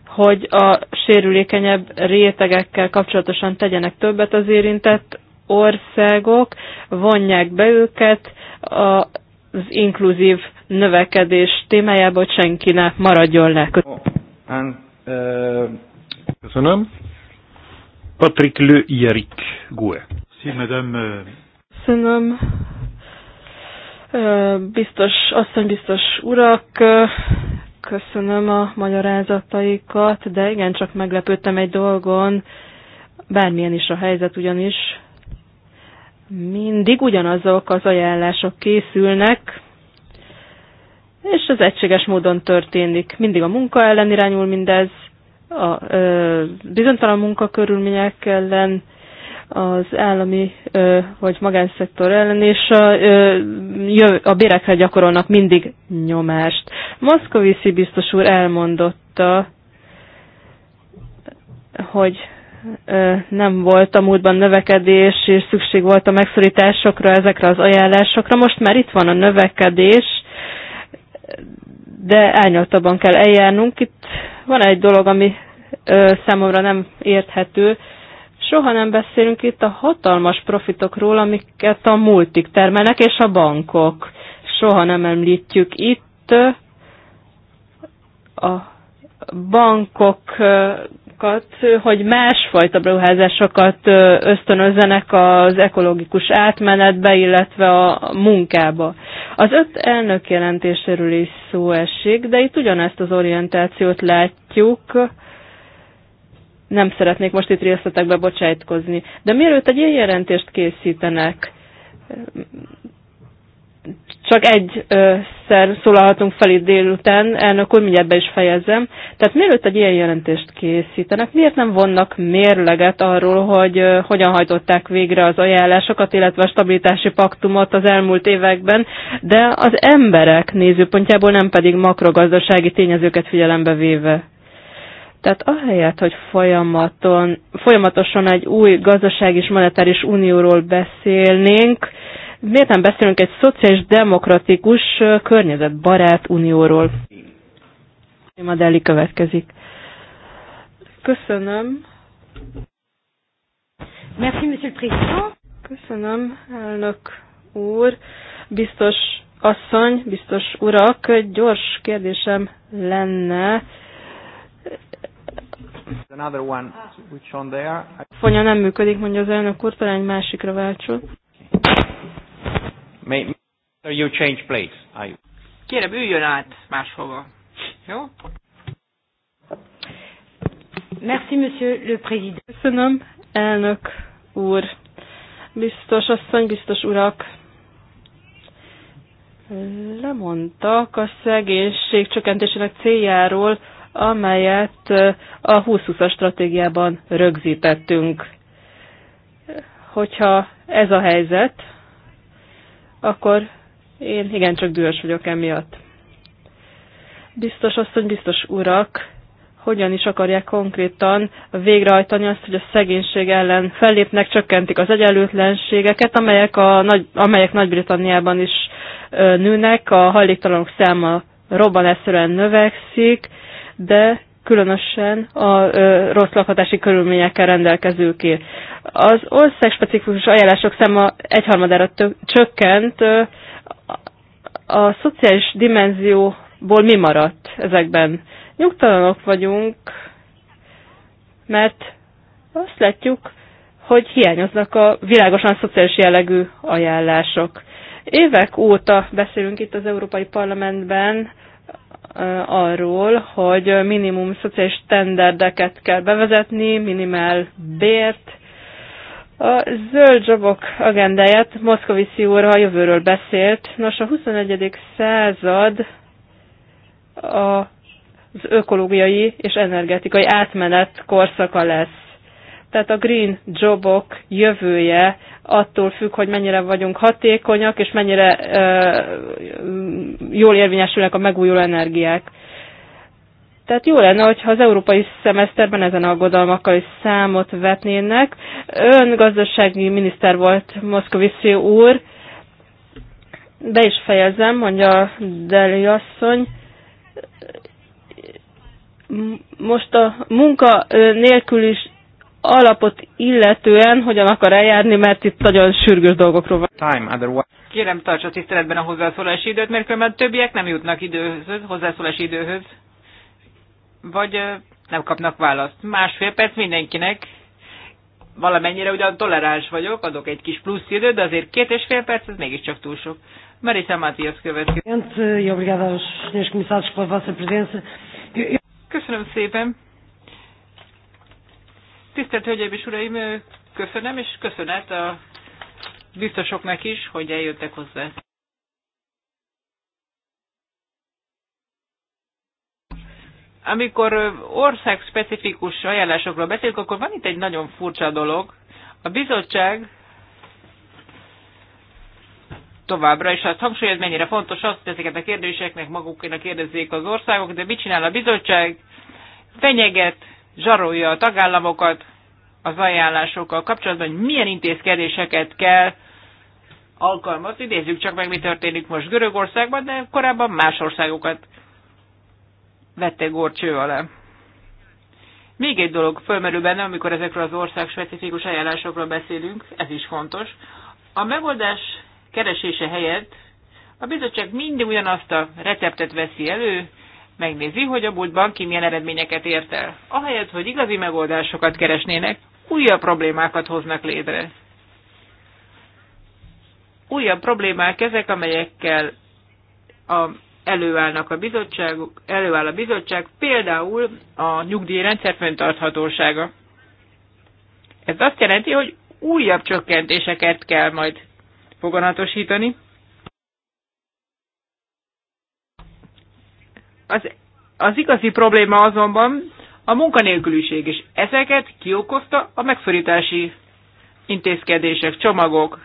hogy a sérülékenyebb rétegekkel kapcsolatosan tegyenek többet az érintett országok vonják be őket az inkluzív növekedés témájába, hogy senki ne maradjon le. Köszönöm. Uh, Patrick Le Ierik Gue. Uh, köszönöm. Uh, biztos, asszony biztos urak, köszönöm a magyarázataikat, de igen, csak meglepődtem egy dolgon, bármilyen is a helyzet ugyanis, mindig ugyanazok az ajánlások készülnek, és az egységes módon történik. Mindig a munka ellen irányul mindez, a ö, bizonytalan munkakörülmények ellen, az állami ö, vagy magánszektor ellen, és a, ö, a bérekre gyakorolnak mindig nyomást. Moszkoviszi biztos úr elmondotta, hogy nem volt a múltban növekedés, és szükség volt a megszorításokra, ezekre az ajánlásokra. Most már itt van a növekedés, de árnyaltabban kell eljárnunk. Itt van egy dolog, ami számomra nem érthető. Soha nem beszélünk itt a hatalmas profitokról, amiket a multik termelnek, és a bankok. Soha nem említjük itt a bankok kormányokat, hogy másfajta beruházásokat ösztönözzenek az ekológikus átmenetbe, illetve a munkába. Az öt elnök jelentéséről is szó esik, de itt ugyanezt az orientációt látjuk, nem szeretnék most itt részletekbe bocsájtkozni. De mielőtt egy ilyen jelentést készítenek, csak egy szer szólalhatunk fel itt délután, elnök úr, mindjárt be is fejezem. Tehát mielőtt egy ilyen jelentést készítenek, miért nem vonnak mérleget arról, hogy hogyan hajtották végre az ajánlásokat, illetve a stabilitási paktumot az elmúlt években, de az emberek nézőpontjából nem pedig makrogazdasági tényezőket figyelembe véve? Tehát ahelyett, hogy folyamaton, folyamatosan egy új gazdaság és monetáris unióról beszélnénk, Miért nem beszélünk egy szociális demokratikus környezetbarát unióról? Deli következik. Köszönöm. Merci, Monsieur le Président. Köszönöm, elnök úr. Biztos asszony, biztos urak, egy gyors kérdésem lenne. Another one, which there. Fonya nem működik, mondja az elnök úr, talán egy másikra váltson. May, may you change place. I... Kérem, üljön át máshova. Jó? Merci, monsieur le président. Köszönöm, elnök úr. Biztos asszony, biztos urak. Lemondtak a szegénység csökkentésének céljáról, amelyet a 2020-as stratégiában rögzítettünk. Hogyha ez a helyzet, akkor én igencsak dühös vagyok emiatt. Biztos asszony, biztos urak, hogyan is akarják konkrétan végrehajtani azt, hogy a szegénység ellen fellépnek, csökkentik az egyenlőtlenségeket, amelyek, a nagy, amelyek Nagy-Britanniában is ö, nőnek, a hajléktalanok száma robbanásszerűen növekszik, de különösen a ö, rossz lakhatási körülményekkel rendelkezőké. Az specifikus ajánlások száma egyharmadára tök, csökkent, ö, a, a szociális dimenzióból mi maradt ezekben? Nyugtalanok vagyunk, mert azt látjuk, hogy hiányoznak a világosan szociális jellegű ajánlások. Évek óta beszélünk itt az Európai Parlamentben arról, hogy minimum szociális standardeket kell bevezetni, minimál bért. A zöld jobok agendáját Moszkovici úr a jövőről beszélt. Nos, a 21. század az ökológiai és energetikai átmenet korszaka lesz. Tehát a green jobok jövője attól függ, hogy mennyire vagyunk hatékonyak, és mennyire jól érvényesülnek a megújuló energiák. Tehát jó lenne, hogyha az európai szemeszterben ezen aggodalmakkal is számot vetnének. Ön gazdasági miniszter volt Moszkoviszi úr, be is fejezem, mondja Deli asszony. Most a munka nélkül is alapot illetően hogyan akar eljárni, mert itt nagyon sürgős dolgokról van. Time, otherwise... Kérem, tartsa tiszteletben a hozzászólási időt, mert különben többiek nem jutnak időhöz, hozzászólási időhöz, vagy nem kapnak választ. Másfél perc mindenkinek. Valamennyire ugyan toleráns vagyok, adok egy kis plusz időt, de azért két és fél perc, ez mégiscsak túl sok. Marisa Matias következik. Köszönöm szépen. Tisztelt Hölgyeim és Uraim, köszönöm, és köszönet a biztosoknak is, hogy eljöttek hozzá. Amikor országspecifikus ajánlásokról beszélünk, akkor van itt egy nagyon furcsa dolog. A bizottság továbbra is azt hangsúlyoz, mennyire fontos az, hogy ezeket a kérdéseknek maguknak kérdezzék az országok, de mit csinál a bizottság? Fenyeget, zsarolja a tagállamokat az ajánlásokkal kapcsolatban, hogy milyen intézkedéseket kell alkalmazni. Nézzük csak meg, mi történik most Görögországban, de korábban más országokat vette górcső alá. Még egy dolog fölmerül benne, amikor ezekről az ország specifikus ajánlásokról beszélünk, ez is fontos. A megoldás keresése helyett a bizottság mindig ugyanazt a receptet veszi elő, megnézi, hogy a múltban ki milyen eredményeket ért el. Ahelyett, hogy igazi megoldásokat keresnének, újabb problémákat hoznak létre. Újabb problémák ezek, amelyekkel a, előállnak a bizottságuk. előáll a bizottság, például a nyugdíjrendszer fenntarthatósága. Ez azt jelenti, hogy újabb csökkentéseket kell majd foganatosítani. Az, az igazi probléma azonban a munkanélküliség, és ezeket kiokozta a megszorítási intézkedések, csomagok.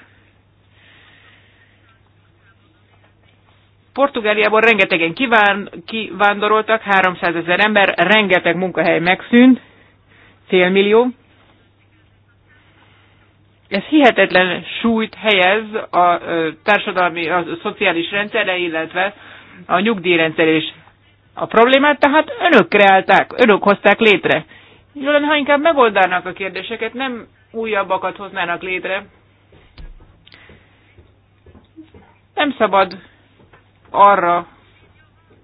Portugáliában rengetegen kiván, kivándoroltak, 300 ezer ember, rengeteg munkahely megszűnt, félmillió. Ez hihetetlen súlyt helyez a társadalmi, a szociális rendszerre, illetve a nyugdíjrendszer és a problémát tehát önök kreálták, önök hozták létre. Jó lenne, ha inkább megoldanak a kérdéseket, nem újabbakat hoznának létre. Nem szabad arra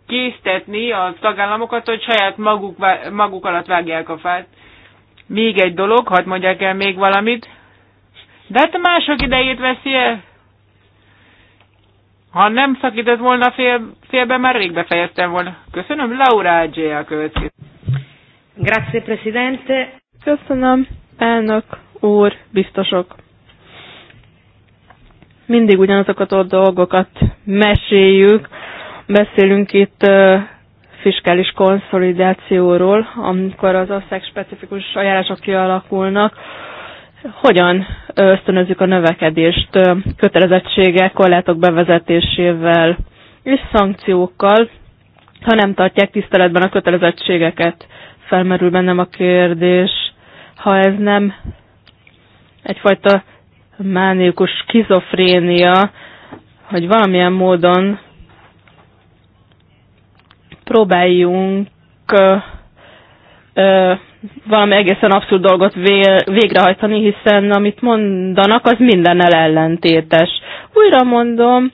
késztetni a tagállamokat, hogy saját maguk, maguk alatt vágják a fát. Még egy dolog, hadd mondják el még valamit. De hát mások idejét veszi el. Ha nem szakított volna fél, félbe, már rég befejeztem volna. Köszönöm, Laura Adjé a következő. Grazie, Presidente. Köszönöm, elnök úr, biztosok. Mindig ugyanazokat a dolgokat meséljük. Beszélünk itt uh, fiskális konszolidációról, amikor az ország specifikus ajánlások kialakulnak. Uh, hogyan ösztönözzük a növekedést kötelezettségek, korlátok bevezetésével és szankciókkal, ha nem tartják tiszteletben a kötelezettségeket. Felmerül bennem a kérdés, ha ez nem egyfajta mániukus skizofrénia, hogy valamilyen módon próbáljunk ö, ö, valami egészen abszurd dolgot végrehajtani, hiszen amit mondanak, az mindennel ellentétes. Újra mondom,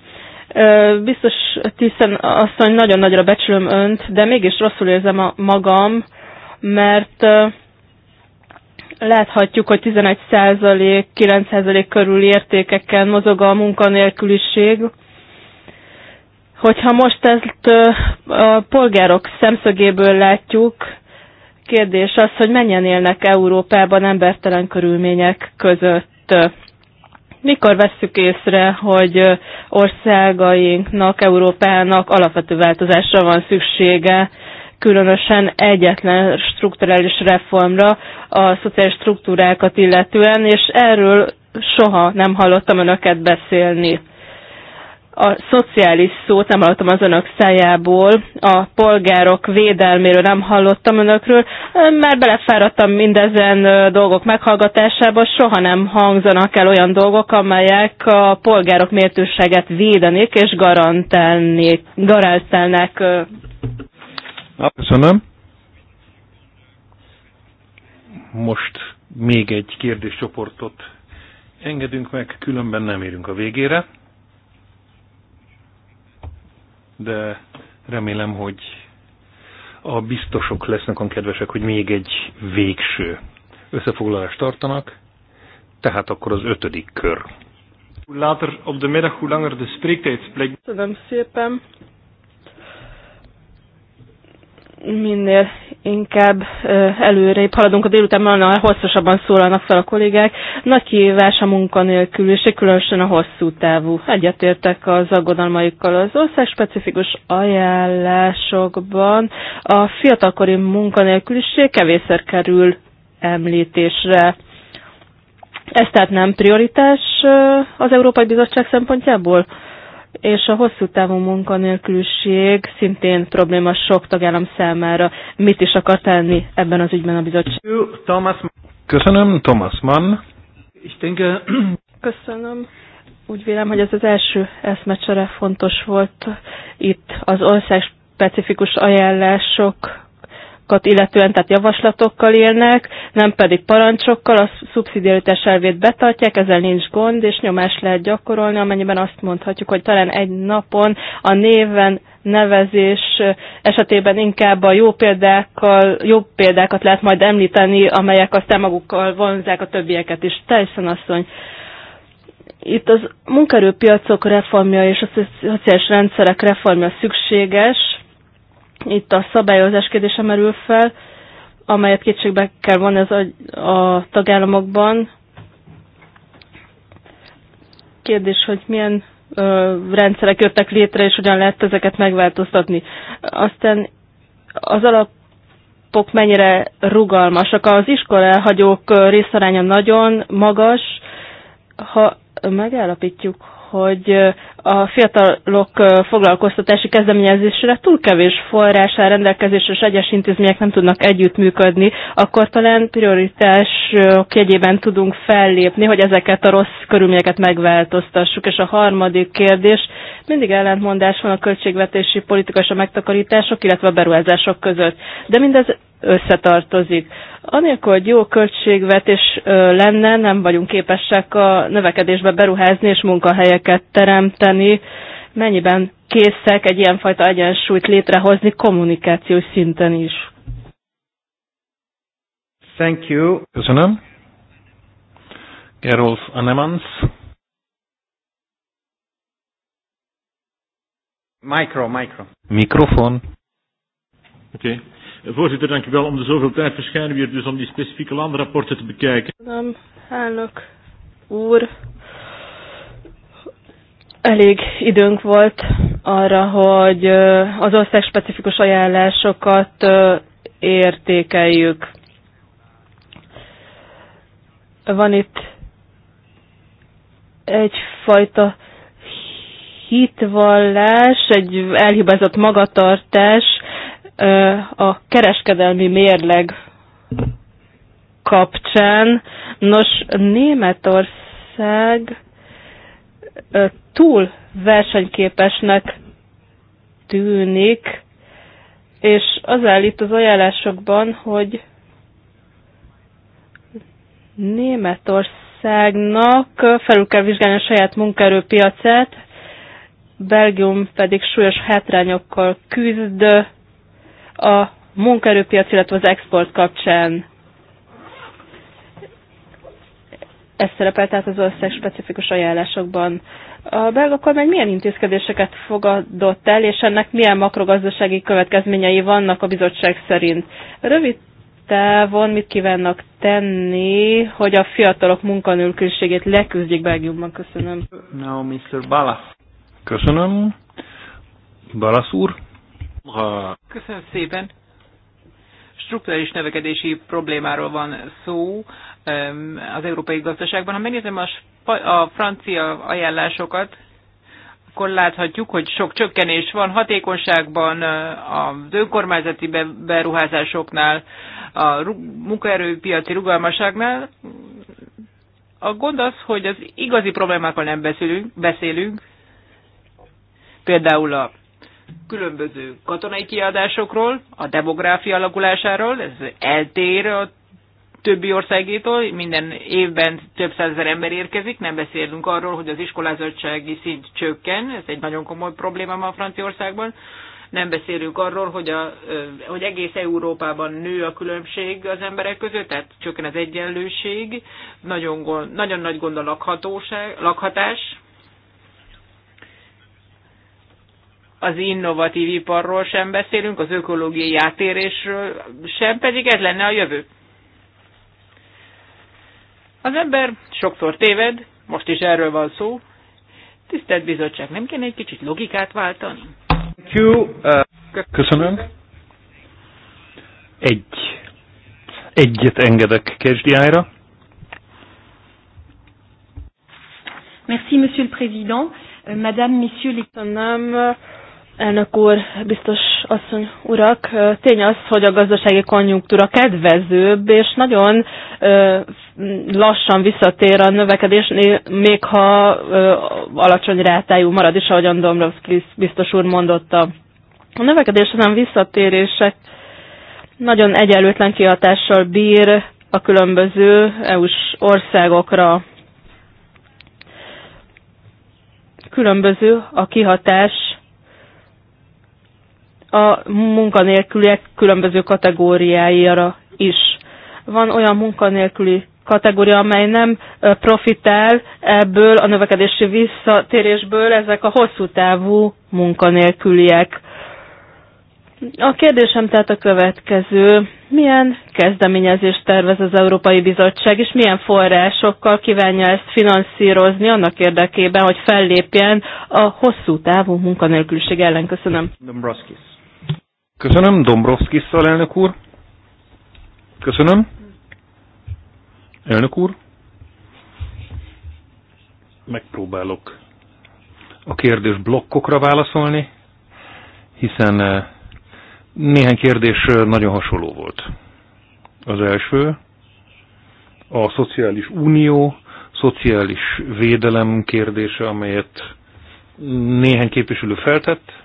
biztos, hiszen azt, hogy nagyon nagyra becsülöm önt, de mégis rosszul érzem a magam, mert láthatjuk, hogy 11%, 9% körül értékeken mozog a munkanélküliség. Hogyha most ezt a polgárok szemszögéből látjuk, kérdés az, hogy mennyien élnek Európában embertelen körülmények között. Mikor vesszük észre, hogy országainknak, Európának alapvető változásra van szüksége, különösen egyetlen strukturális reformra a szociális struktúrákat illetően, és erről soha nem hallottam önöket beszélni a szociális szót nem hallottam az önök szájából, a polgárok védelméről nem hallottam önökről, már belefáradtam mindezen dolgok meghallgatásába, soha nem hangzanak el olyan dolgok, amelyek a polgárok méltőséget védenék és garantálnék, garantálnák. Köszönöm. Most még egy kérdéscsoportot engedünk meg, különben nem érünk a végére de remélem, hogy a biztosok lesznek a kedvesek, hogy még egy végső összefoglalást tartanak, tehát akkor az ötödik kör. Later op de middag, hoe langer de spreektijd blijkt. Köszönöm szépen minél inkább előrébb haladunk a délután, mert annál hosszasabban szólalnak fel a kollégák. Nagy kihívás a és különösen a hosszú távú. Egyetértek az aggodalmaikkal az ország specifikus ajánlásokban. A fiatalkori munkanélküliség kevésszer kerül említésre. Ez tehát nem prioritás az Európai Bizottság szempontjából? és a hosszú távú munkanélküliség szintén probléma sok tagállam számára. Mit is akar tenni ebben az ügyben a bizottság? Köszönöm, Thomas Mann. Köszönöm. Úgy vélem, hogy ez az első eszmecsere fontos volt itt az ország specifikus ajánlások javaslatokat illetően, tehát javaslatokkal élnek, nem pedig parancsokkal, a szubszidiaritás elvét betartják, ezzel nincs gond, és nyomást lehet gyakorolni, amennyiben azt mondhatjuk, hogy talán egy napon a néven nevezés esetében inkább a jó példákkal, jó példákat lehet majd említeni, amelyek aztán magukkal vonzák a többieket is. Tyson asszony, itt az munkerőpiacok reformja és a szociális rendszerek reformja szükséges, itt a szabályozás kérdése merül fel, amelyet kétségbe kell vonni ez a, a tagállamokban. Kérdés, hogy milyen ö, rendszerek jöttek létre, és hogyan lehet ezeket megváltoztatni. Aztán az alap alapok mennyire rugalmasak. Az iskola elhagyók részaránya nagyon magas. Ha megállapítjuk, hogy a fiatalok foglalkoztatási kezdeményezésre túl kevés forrás áll rendelkezésre, és egyes intézmények nem tudnak együttműködni, akkor talán prioritás jegyében tudunk fellépni, hogy ezeket a rossz körülményeket megváltoztassuk. És a harmadik kérdés, mindig ellentmondás van a költségvetési politika és a megtakarítások, illetve a beruházások között. De mindez összetartozik. Anélkül, hogy jó költségvetés lenne, nem vagyunk képesek a növekedésbe beruházni és munkahelyeket teremteni. Mennyiben készek egy ilyenfajta egyensúlyt létrehozni kommunikációs szinten is? Thank you. Köszönöm. Gerolf Anemans. Micro, micro. Mikrofon. Oké. Okay. Voorzitter, dank u wel. Om de zoveel tijd verschijnen we hier dus om die specifieke landrapporten te bekijken. Nem, elnök úr, elég időnk volt arra, hogy az ország specifikus ajánlásokat értékeljük. Van itt egyfajta hitvallás, egy elhibázott magatartás, a kereskedelmi mérleg kapcsán. Nos, Németország túl versenyképesnek tűnik, és az állít itt az ajánlásokban, hogy Németországnak felül kell vizsgálni a saját munkaerőpiacát, Belgium pedig súlyos hátrányokkal küzd, a munkaerőpiac, illetve az export kapcsán. Ez szerepel tehát az ország specifikus ajánlásokban. A belga kormány milyen intézkedéseket fogadott el, és ennek milyen makrogazdasági következményei vannak a bizottság szerint? Rövid távon mit kívánnak tenni, hogy a fiatalok munkanélküliségét leküzdjék Belgiumban? Köszönöm. Now, Mr. Balas. Köszönöm. Balas úr. Köszönöm szépen. Strukturális növekedési problémáról van szó az európai gazdaságban. Ha megnézem a, a francia ajánlásokat, akkor láthatjuk, hogy sok csökkenés van hatékonyságban, a önkormányzati beruházásoknál, a munkaerőpiaci rugalmasságnál. A gond az, hogy az igazi problémákkal nem beszélünk, beszélünk például a különböző katonai kiadásokról, a demográfia alakulásáról, ez eltér a többi országétól, minden évben több százezer ember érkezik, nem beszélünk arról, hogy az iskolázottsági szint csökken, ez egy nagyon komoly probléma ma Franciaországban, nem beszélünk arról, hogy, a, hogy egész Európában nő a különbség az emberek között, tehát csökken az egyenlőség, nagyon, nagyon nagy gond a lakhatóság, lakhatás, az innovatív iparról sem beszélünk, az ökológiai átérésről sem, pedig ez lenne a jövő. Az ember sokszor téved, most is erről van szó. Tisztelt bizottság, nem kéne egy kicsit logikát váltani? Uh, Köszönöm. Egy. Egyet engedek kezdjára. Merci, Monsieur le Président. Euh, Madame, Messieurs les... Elnök úr, biztos asszony urak, tény az, hogy a gazdasági konjunktúra kedvezőbb, és nagyon lassan visszatér a növekedés, még ha alacsony rátájú marad is, ahogyan Domrovszki biztos úr mondotta. A növekedés ezen visszatérések nagyon egyenlőtlen kihatással bír a különböző EU-s országokra. Különböző a kihatás a munkanélküliek különböző kategóriáira is. Van olyan munkanélküli kategória, amely nem profitál ebből a növekedési visszatérésből, ezek a hosszú távú munkanélküliek. A kérdésem tehát a következő. Milyen kezdeményezést tervez az Európai Bizottság, és milyen forrásokkal kívánja ezt finanszírozni annak érdekében, hogy fellépjen a hosszú távú munkanélküliség ellen? Köszönöm. Dombrovskis. Köszönöm, szal elnök úr. Köszönöm. Elnök úr. Megpróbálok a kérdés blokkokra válaszolni, hiszen eh, néhány kérdés eh, nagyon hasonló volt. Az első, a szociális unió, szociális védelem kérdése, amelyet néhány képviselő feltett,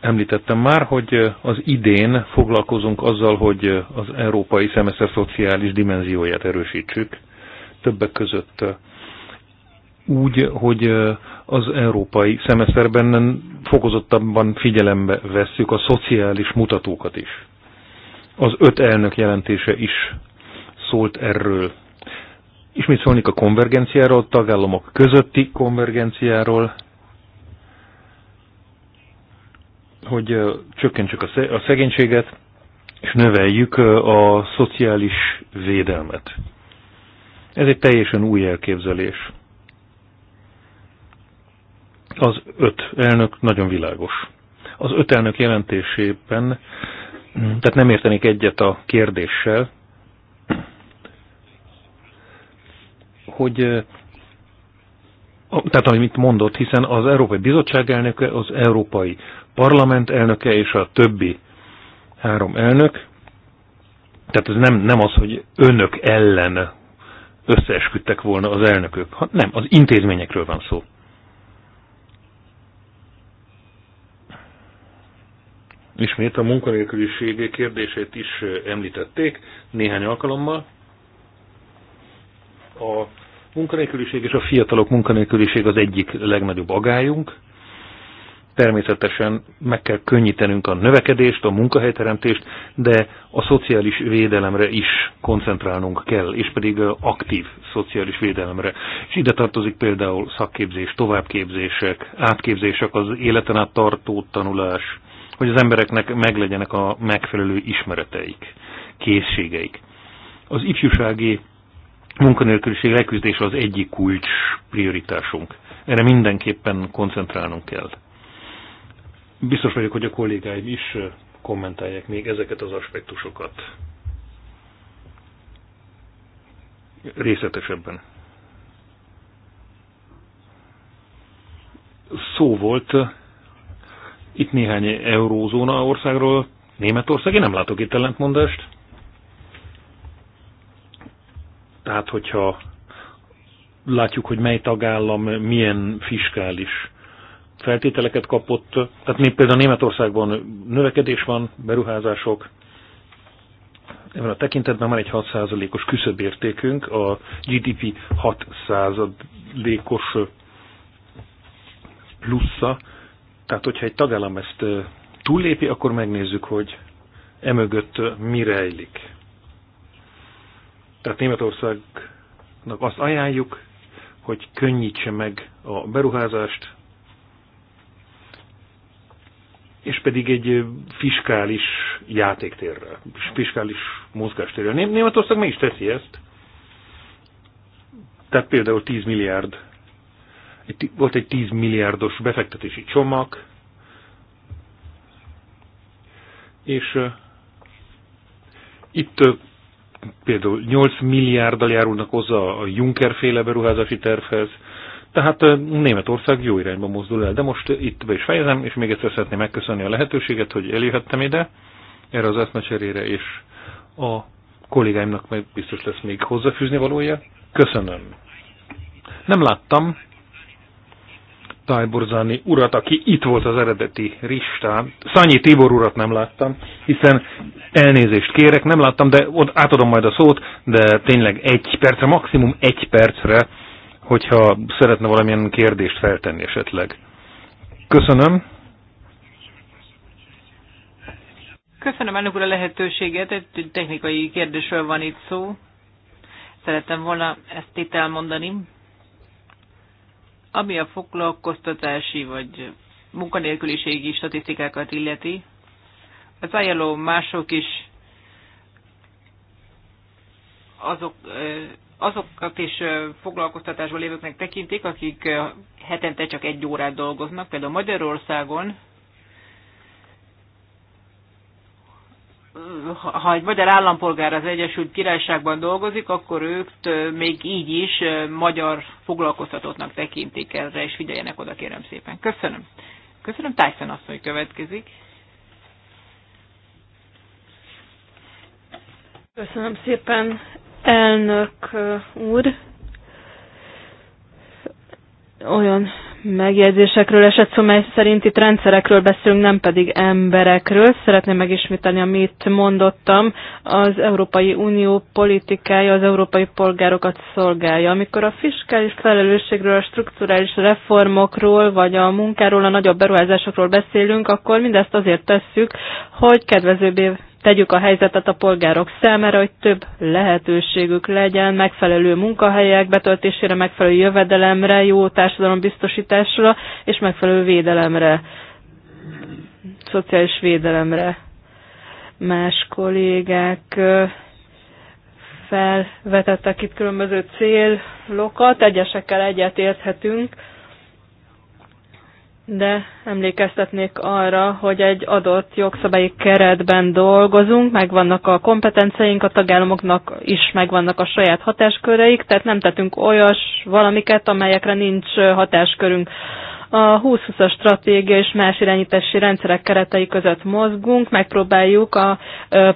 Említettem már, hogy az idén foglalkozunk azzal, hogy az európai szemeszter szociális dimenzióját erősítsük, többek között úgy, hogy az európai szemeszterben fokozottabban figyelembe vesszük a szociális mutatókat is. Az öt elnök jelentése is szólt erről. Ismét szólnék a konvergenciáról, tagállamok közötti konvergenciáról, hogy csökkentsük a szegénységet, és növeljük a szociális védelmet. Ez egy teljesen új elképzelés. Az öt elnök nagyon világos. Az öt elnök jelentésében, tehát nem értenék egyet a kérdéssel, hogy tehát amit mondott, hiszen az Európai Bizottság elnöke az Európai parlament elnöke és a többi három elnök. Tehát ez nem, nem az, hogy önök ellen összeesküdtek volna az elnökök. Ha, nem, az intézményekről van szó. Ismét a munkanélküliség kérdését is említették néhány alkalommal. A munkanélküliség és a fiatalok munkanélküliség az egyik legnagyobb agályunk természetesen meg kell könnyítenünk a növekedést, a munkahelyteremtést, de a szociális védelemre is koncentrálnunk kell, és pedig aktív szociális védelemre. És ide tartozik például szakképzés, továbbképzések, átképzések, az életen át tartó tanulás, hogy az embereknek meglegyenek a megfelelő ismereteik, készségeik. Az ifjúsági munkanélküliség leküzdése az egyik kulcs prioritásunk. Erre mindenképpen koncentrálnunk kell. Biztos vagyok, hogy a kollégáim is kommentálják még ezeket az aspektusokat részletesebben. Szó volt itt néhány eurózóna országról, Németország, én nem látok itt ellentmondást. Tehát, hogyha látjuk, hogy mely tagállam milyen fiskális feltételeket kapott, tehát például Németországban növekedés van, beruházások, ebben a tekintetben már egy 6%-os küszöbértékünk, a GDP 6%-os plusza, tehát hogyha egy tagállam ezt túllépi, akkor megnézzük, hogy emögött mi rejlik. Tehát Németországnak azt ajánljuk, hogy könnyítse meg a beruházást, és pedig egy fiskális játéktérrel, fiskális mozgástérrel. Németország meg is teszi ezt. Tehát például 10 milliárd, egy, volt egy 10 milliárdos befektetési csomag, és uh, itt uh, például 8 milliárddal járulnak hozzá a Juncker féle beruházási tervhez, tehát Németország jó irányba mozdul el, de most itt be is fejezem, és még egyszer szeretném megköszönni a lehetőséget, hogy eljöhettem ide, erre az eszmecserére, és a kollégáimnak meg biztos lesz még hozzáfűzni valója. Köszönöm. Nem láttam Tájborzani urat, aki itt volt az eredeti ristán. Szanyi Tibor urat nem láttam, hiszen elnézést kérek, nem láttam, de ott átadom majd a szót, de tényleg egy percre, maximum egy percre hogyha szeretne valamilyen kérdést feltenni esetleg. Köszönöm. Köszönöm ennek úr a lehetőséget, egy technikai kérdésről van itt szó. Szerettem volna ezt itt elmondani. Ami a foglalkoztatási vagy munkanélküliségi statisztikákat illeti, az ajánló mások is azok azokat is foglalkoztatásban lévőknek tekintik, akik hetente csak egy órát dolgoznak. Például Magyarországon, ha egy magyar állampolgár az Egyesült Királyságban dolgozik, akkor őt még így is magyar foglalkoztatottnak tekintik erre, és figyeljenek oda, kérem szépen. Köszönöm. Köszönöm, Tyson asszony következik. Köszönöm szépen, Elnök úr, olyan megjegyzésekről esett szó, mely szerint itt rendszerekről beszélünk, nem pedig emberekről. Szeretném megismételni, amit mondottam. Az Európai Unió politikája az európai polgárokat szolgálja. Amikor a fiskális felelősségről, a strukturális reformokról, vagy a munkáról, a nagyobb beruházásokról beszélünk, akkor mindezt azért tesszük, hogy kedvezőbbé tegyük a helyzetet a polgárok számára, hogy több lehetőségük legyen megfelelő munkahelyek betöltésére, megfelelő jövedelemre, jó társadalombiztosításra és megfelelő védelemre, szociális védelemre. Más kollégák felvetettek itt különböző célokat, egyesekkel egyet érthetünk, de emlékeztetnék arra, hogy egy adott jogszabályi keretben dolgozunk, megvannak a kompetenceink, a tagállamoknak is megvannak a saját hatásköreik, tehát nem tetünk olyas valamiket, amelyekre nincs hatáskörünk. A 2020-as stratégia és más irányítási rendszerek keretei között mozgunk, megpróbáljuk a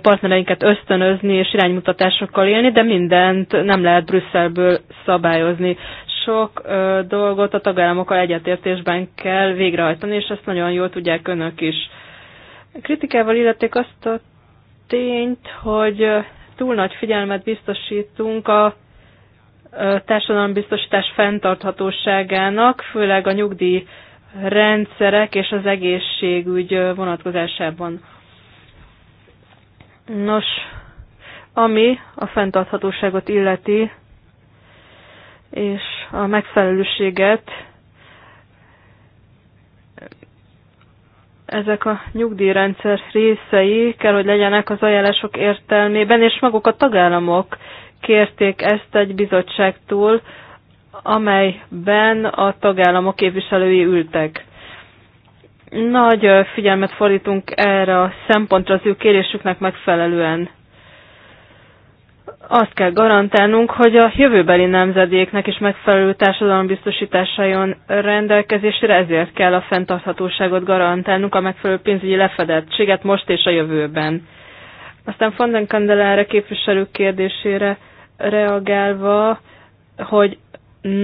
partnereinket ösztönözni és iránymutatásokkal élni, de mindent nem lehet Brüsszelből szabályozni sok ö, dolgot a tagállamokkal egyetértésben kell végrehajtani, és ezt nagyon jól tudják önök is. Kritikával illették azt a tényt, hogy túl nagy figyelmet biztosítunk a társadalombiztosítás fenntarthatóságának, főleg a nyugdíj rendszerek és az egészségügy vonatkozásában. Nos, ami a fenntarthatóságot illeti, és a megfelelőséget ezek a nyugdíjrendszer részei kell, hogy legyenek az ajánlások értelmében, és maguk a tagállamok kérték ezt egy bizottságtól, amelyben a tagállamok képviselői ültek. Nagy figyelmet fordítunk erre a szempontra az ő kérésüknek megfelelően azt kell garantálnunk, hogy a jövőbeli nemzedéknek is megfelelő társadalombiztosítása jön rendelkezésre, ezért kell a fenntarthatóságot garantálnunk, a megfelelő pénzügyi lefedettséget most és a jövőben. Aztán Fonden Kandelára képviselő kérdésére reagálva, hogy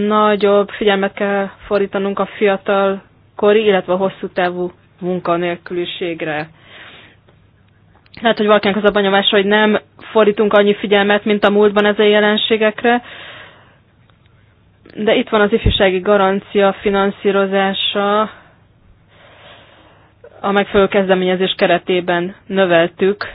nagyobb figyelmet kell fordítanunk a fiatal kori, illetve a hosszú távú munkanélküliségre. Lehet, hogy valakinek az a benyomása, hogy nem fordítunk annyi figyelmet, mint a múltban ezen jelenségekre. De itt van az ifjúsági garancia finanszírozása, a megfelelő kezdeményezés keretében növeltük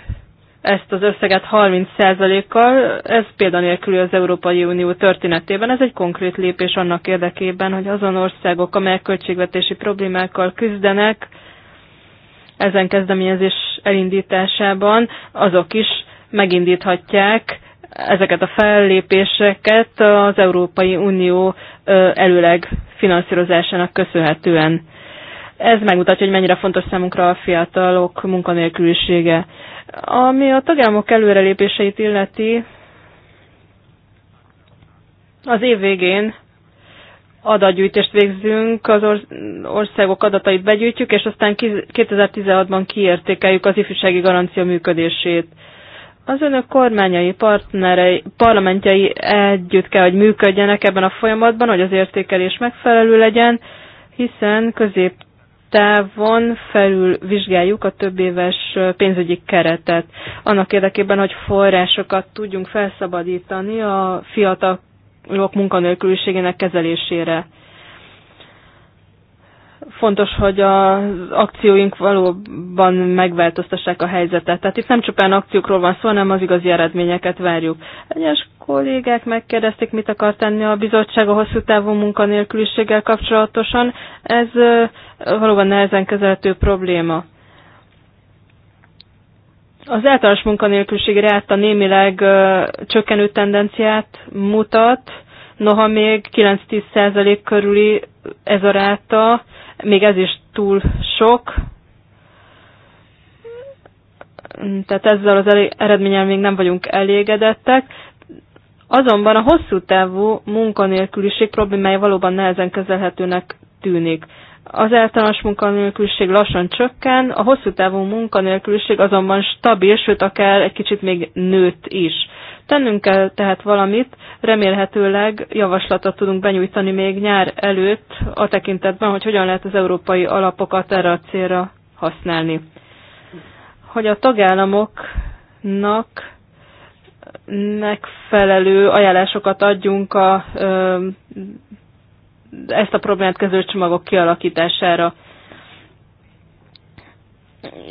ezt az összeget 30%-kal, ez példanélkül az Európai Unió történetében. Ez egy konkrét lépés annak érdekében, hogy azon országok, amelyek költségvetési problémákkal küzdenek, ezen kezdeményezés elindításában, azok is megindíthatják ezeket a fellépéseket az Európai Unió előleg finanszírozásának köszönhetően. Ez megmutatja, hogy mennyire fontos számunkra a fiatalok munkanélkülisége. Ami a tagállamok előrelépéseit illeti, az év végén adatgyűjtést végzünk, az országok adatait begyűjtjük, és aztán 2016-ban kiértékeljük az ifjúsági garancia működését. Az önök kormányai, partnerei, parlamentjai együtt kell, hogy működjenek ebben a folyamatban, hogy az értékelés megfelelő legyen, hiszen középtávon felül vizsgáljuk a több éves pénzügyi keretet. Annak érdekében, hogy forrásokat tudjunk felszabadítani a fiatalok munkanélküliségének kezelésére. Fontos, hogy az akcióink valóban megváltoztassák a helyzetet. Tehát itt nem csupán akciókról van szó, hanem az igazi eredményeket várjuk. Egyes kollégák megkérdezték, mit akar tenni a bizottság a hosszú távú munkanélküliséggel kapcsolatosan. Ez valóban nehezen kezelhető probléma. Az általános munkanélküliség ráta némileg ö, csökkenő tendenciát mutat, noha még 9-10% körüli ez a ráta, még ez is túl sok, tehát ezzel az eredménnyel még nem vagyunk elégedettek. Azonban a hosszú távú munkanélküliség problémája valóban nehezen kezelhetőnek tűnik. Az általános munkanélküliség lassan csökken, a hosszú távú munkanélküliség azonban stabil, sőt akár egy kicsit még nőtt is. Tennünk kell tehát valamit, remélhetőleg javaslatot tudunk benyújtani még nyár előtt a tekintetben, hogy hogyan lehet az európai alapokat erre a célra használni. Hogy a tagállamoknak megfelelő ajánlásokat adjunk a, ezt a problémát kezelő csomagok kialakítására.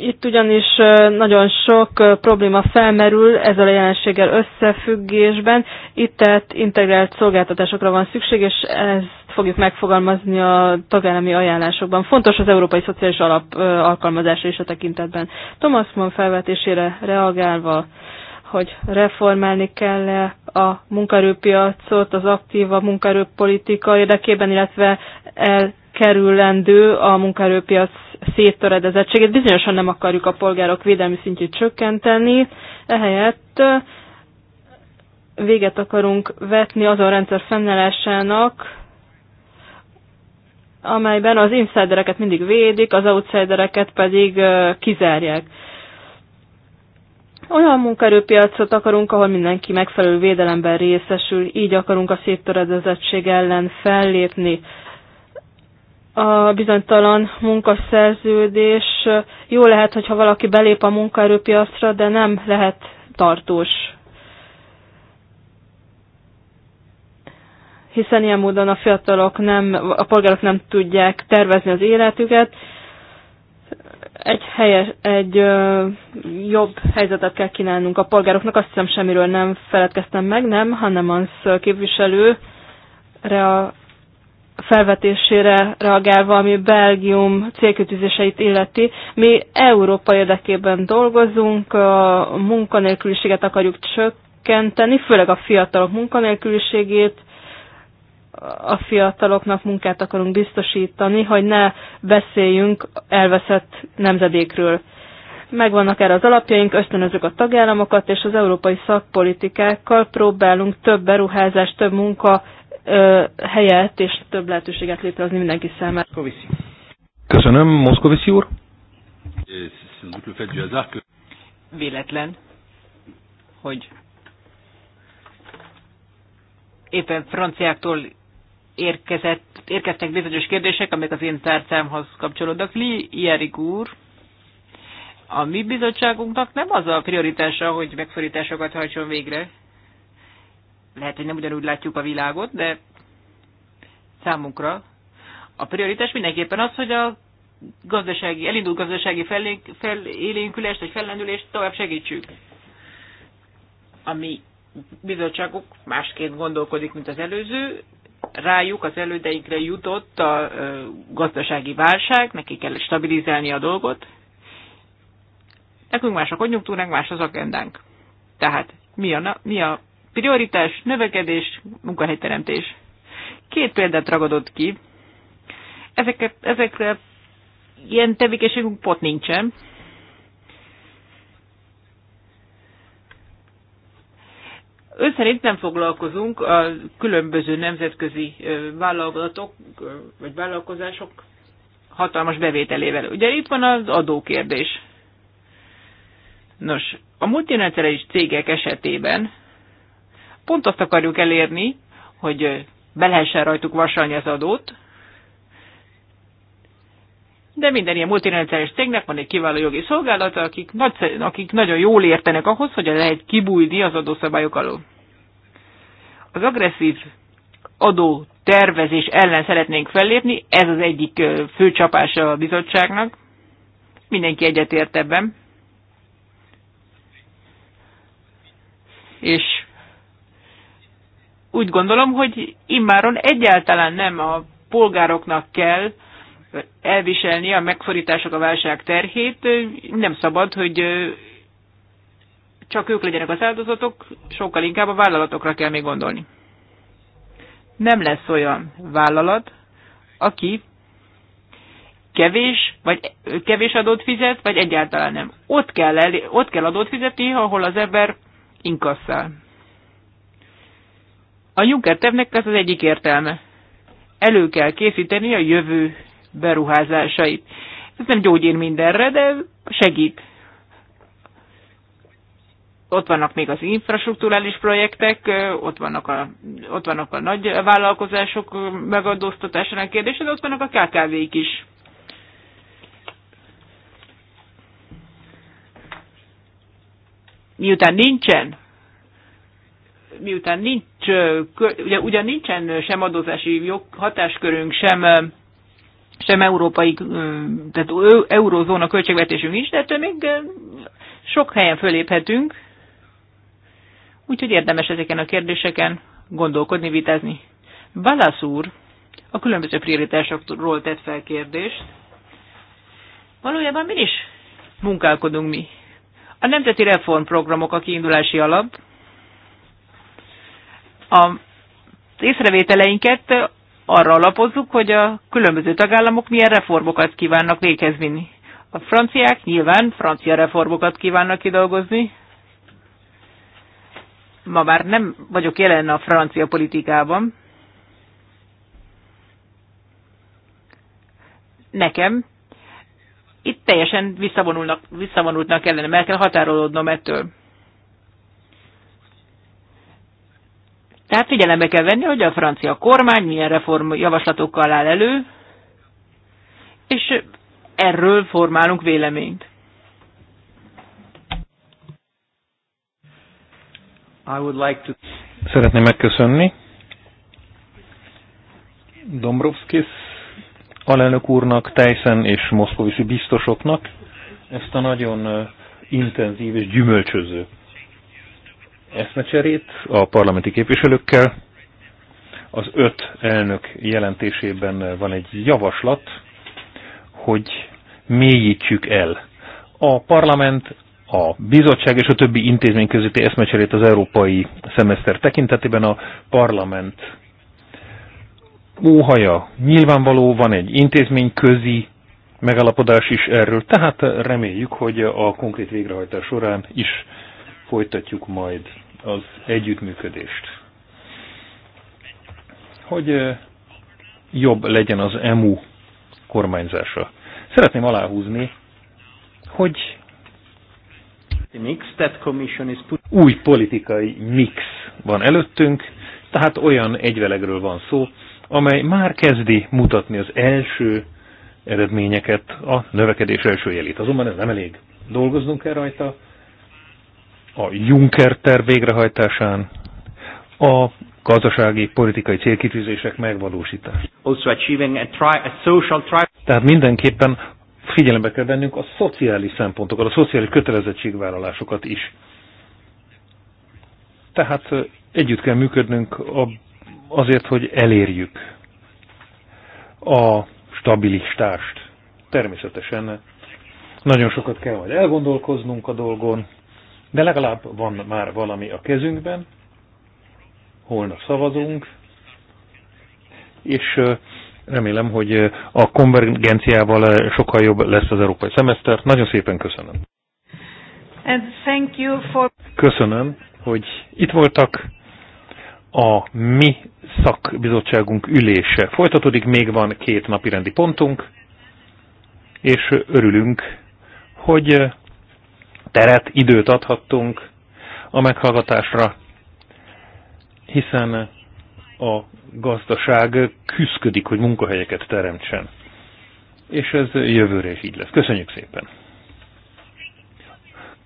Itt ugyanis nagyon sok probléma felmerül ezzel a jelenséggel összefüggésben. Itt tehát integrált szolgáltatásokra van szükség, és ezt fogjuk megfogalmazni a tagállami ajánlásokban. Fontos az Európai Szociális Alap alkalmazása is a tekintetben. Thomas Mann felvetésére reagálva, hogy reformálni kell -e a munkaerőpiacot, az aktív a munkaerőpolitika érdekében, illetve elkerülendő a munkaerőpiac széttöredezettségét. Bizonyosan nem akarjuk a polgárok védelmi szintjét csökkenteni, ehelyett véget akarunk vetni azon rendszer fennállásának, amelyben az insidereket mindig védik, az outsidereket pedig kizárják. Olyan munkaerőpiacot akarunk, ahol mindenki megfelelő védelemben részesül, így akarunk a széttöredezettség ellen fellépni a bizonytalan munkaszerződés jó lehet, hogyha valaki belép a munkaerőpiacra, de nem lehet tartós. Hiszen ilyen módon a fiatalok nem, a polgárok nem tudják tervezni az életüket. Egy, helyes, egy ö, jobb helyzetet kell kínálnunk a polgároknak. Azt hiszem, semmiről nem feledkeztem meg, nem, hanem az képviselőre a felvetésére reagálva, ami Belgium célkötűzéseit illeti. Mi Európa érdekében dolgozunk, a munkanélküliséget akarjuk csökkenteni, főleg a fiatalok munkanélküliségét, a fiataloknak munkát akarunk biztosítani, hogy ne beszéljünk elveszett nemzedékről. Megvannak erre az alapjaink, ösztönözünk a tagállamokat, és az európai szakpolitikákkal próbálunk több beruházást, több munka helyet és több lehetőséget létrehozni mindenki számára. Köszönöm, Moszkovici úr. Véletlen, hogy éppen franciáktól érkezett, érkeztek bizonyos kérdések, amik az én tárcámhoz kapcsolódnak. Li Jerik úr, a mi bizottságunknak nem az a prioritása, hogy megfordításokat hajtson végre, lehet, hogy nem ugyanúgy látjuk a világot, de számunkra a prioritás mindenképpen az, hogy a gazdasági, elindult gazdasági felélénkülést vagy fellendülést tovább segítsük. Ami bizottságok másként gondolkodik, mint az előző, rájuk az elődeinkre jutott a gazdasági válság, neki kell stabilizálni a dolgot. Nekünk más a konjunktúránk, más az agendánk. Tehát mi a, mi a Prioritás, növekedés, munkahelyteremtés. Két példát ragadott ki. Ezeket, ezekre ilyen tevékenységünk pot nincsen. Ön szerint nem foglalkozunk a különböző nemzetközi vállalkozatok vagy vállalkozások hatalmas bevételével. Ugye itt van az adókérdés. Nos, a multinacionális cégek esetében Pont azt akarjuk elérni, hogy be lehessen rajtuk vasalni az adót, de minden ilyen multinacionális cégnek van egy kiváló jogi szolgálata, akik, nagy, akik nagyon jól értenek ahhoz, hogy lehet kibújni az adószabályok alól. Az agresszív adó tervezés ellen szeretnénk fellépni, ez az egyik fő csapása a bizottságnak. Mindenki egyetért ebben. És úgy gondolom, hogy immáron egyáltalán nem a polgároknak kell elviselni a megforítások a válság terhét. Nem szabad, hogy csak ők legyenek az áldozatok, sokkal inkább a vállalatokra kell még gondolni. Nem lesz olyan vállalat, aki kevés, vagy kevés adót fizet, vagy egyáltalán nem. Ott kell, el, ott kell adót fizetni, ahol az ember inkasszál. A Juncker tervnek ez az egyik értelme. Elő kell készíteni a jövő beruházásait. Ez nem gyógyír mindenre, de segít. Ott vannak még az infrastruktúrális projektek, ott vannak a, ott vannak a nagy vállalkozások megadóztatásának kérdése, de ott vannak a KKV-k is. miután nincsen, miután nincs, ugye, ugye nincsen sem adózási jog, hatáskörünk, sem sem európai, tehát eurozóna költségvetésünk is, de ettől még sok helyen föléphetünk, úgyhogy érdemes ezeken a kérdéseken gondolkodni, vitázni. Balasz úr a különböző prioritásokról tett fel kérdést. Valójában mi is munkálkodunk mi. A nemzeti reformprogramok a kiindulási alap, a észrevételeinket arra alapozzuk, hogy a különböző tagállamok milyen reformokat kívánnak végezni. A franciák nyilván francia reformokat kívánnak kidolgozni. Ma már nem vagyok jelen a francia politikában. Nekem itt teljesen visszavonultnak kellene, mert kell határolódnom ettől. Tehát figyelembe kell venni, hogy a francia kormány milyen reformjavaslatokkal áll elő, és erről formálunk véleményt. I would like to... Szeretném megköszönni Dombrovskis alelnök úrnak, Tyson és moszkovisi biztosoknak ezt a nagyon intenzív és gyümölcsöző eszmecserét a parlamenti képviselőkkel. Az öt elnök jelentésében van egy javaslat, hogy mélyítsük el a parlament, a bizottság és a többi intézmény közötti eszmecserét az európai szemeszter tekintetében a parlament óhaja nyilvánvaló, van egy intézmény közi megállapodás is erről, tehát reméljük, hogy a konkrét végrehajtás során is folytatjuk majd az együttműködést. Hogy jobb legyen az EMU kormányzása. Szeretném aláhúzni, hogy új politikai mix van előttünk, tehát olyan egyvelegről van szó, amely már kezdi mutatni az első eredményeket, a növekedés első jelét. Azonban ez nem elég. Dolgoznunk kell rajta, a Juncker terv végrehajtásán, a gazdasági, politikai célkitűzések megvalósítása. Tehát mindenképpen figyelembe kell vennünk a szociális szempontokat, a szociális kötelezettségvállalásokat is. Tehát együtt kell működnünk azért, hogy elérjük a stabilistást. Természetesen nagyon sokat kell majd elgondolkoznunk a dolgon, de legalább van már valami a kezünkben, holnap szavazunk, és remélem, hogy a konvergenciával sokkal jobb lesz az európai szemeszter. Nagyon szépen köszönöm. And thank you for... Köszönöm, hogy itt voltak. A mi szakbizottságunk ülése folytatódik, még van két napi rendi pontunk, és örülünk, hogy teret, időt adhattunk a meghallgatásra, hiszen a gazdaság küzdik, hogy munkahelyeket teremtsen. És ez jövőre is így lesz. Köszönjük szépen!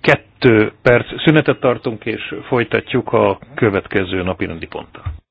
Kettő perc szünetet tartunk, és folytatjuk a következő napi rendi ponttal.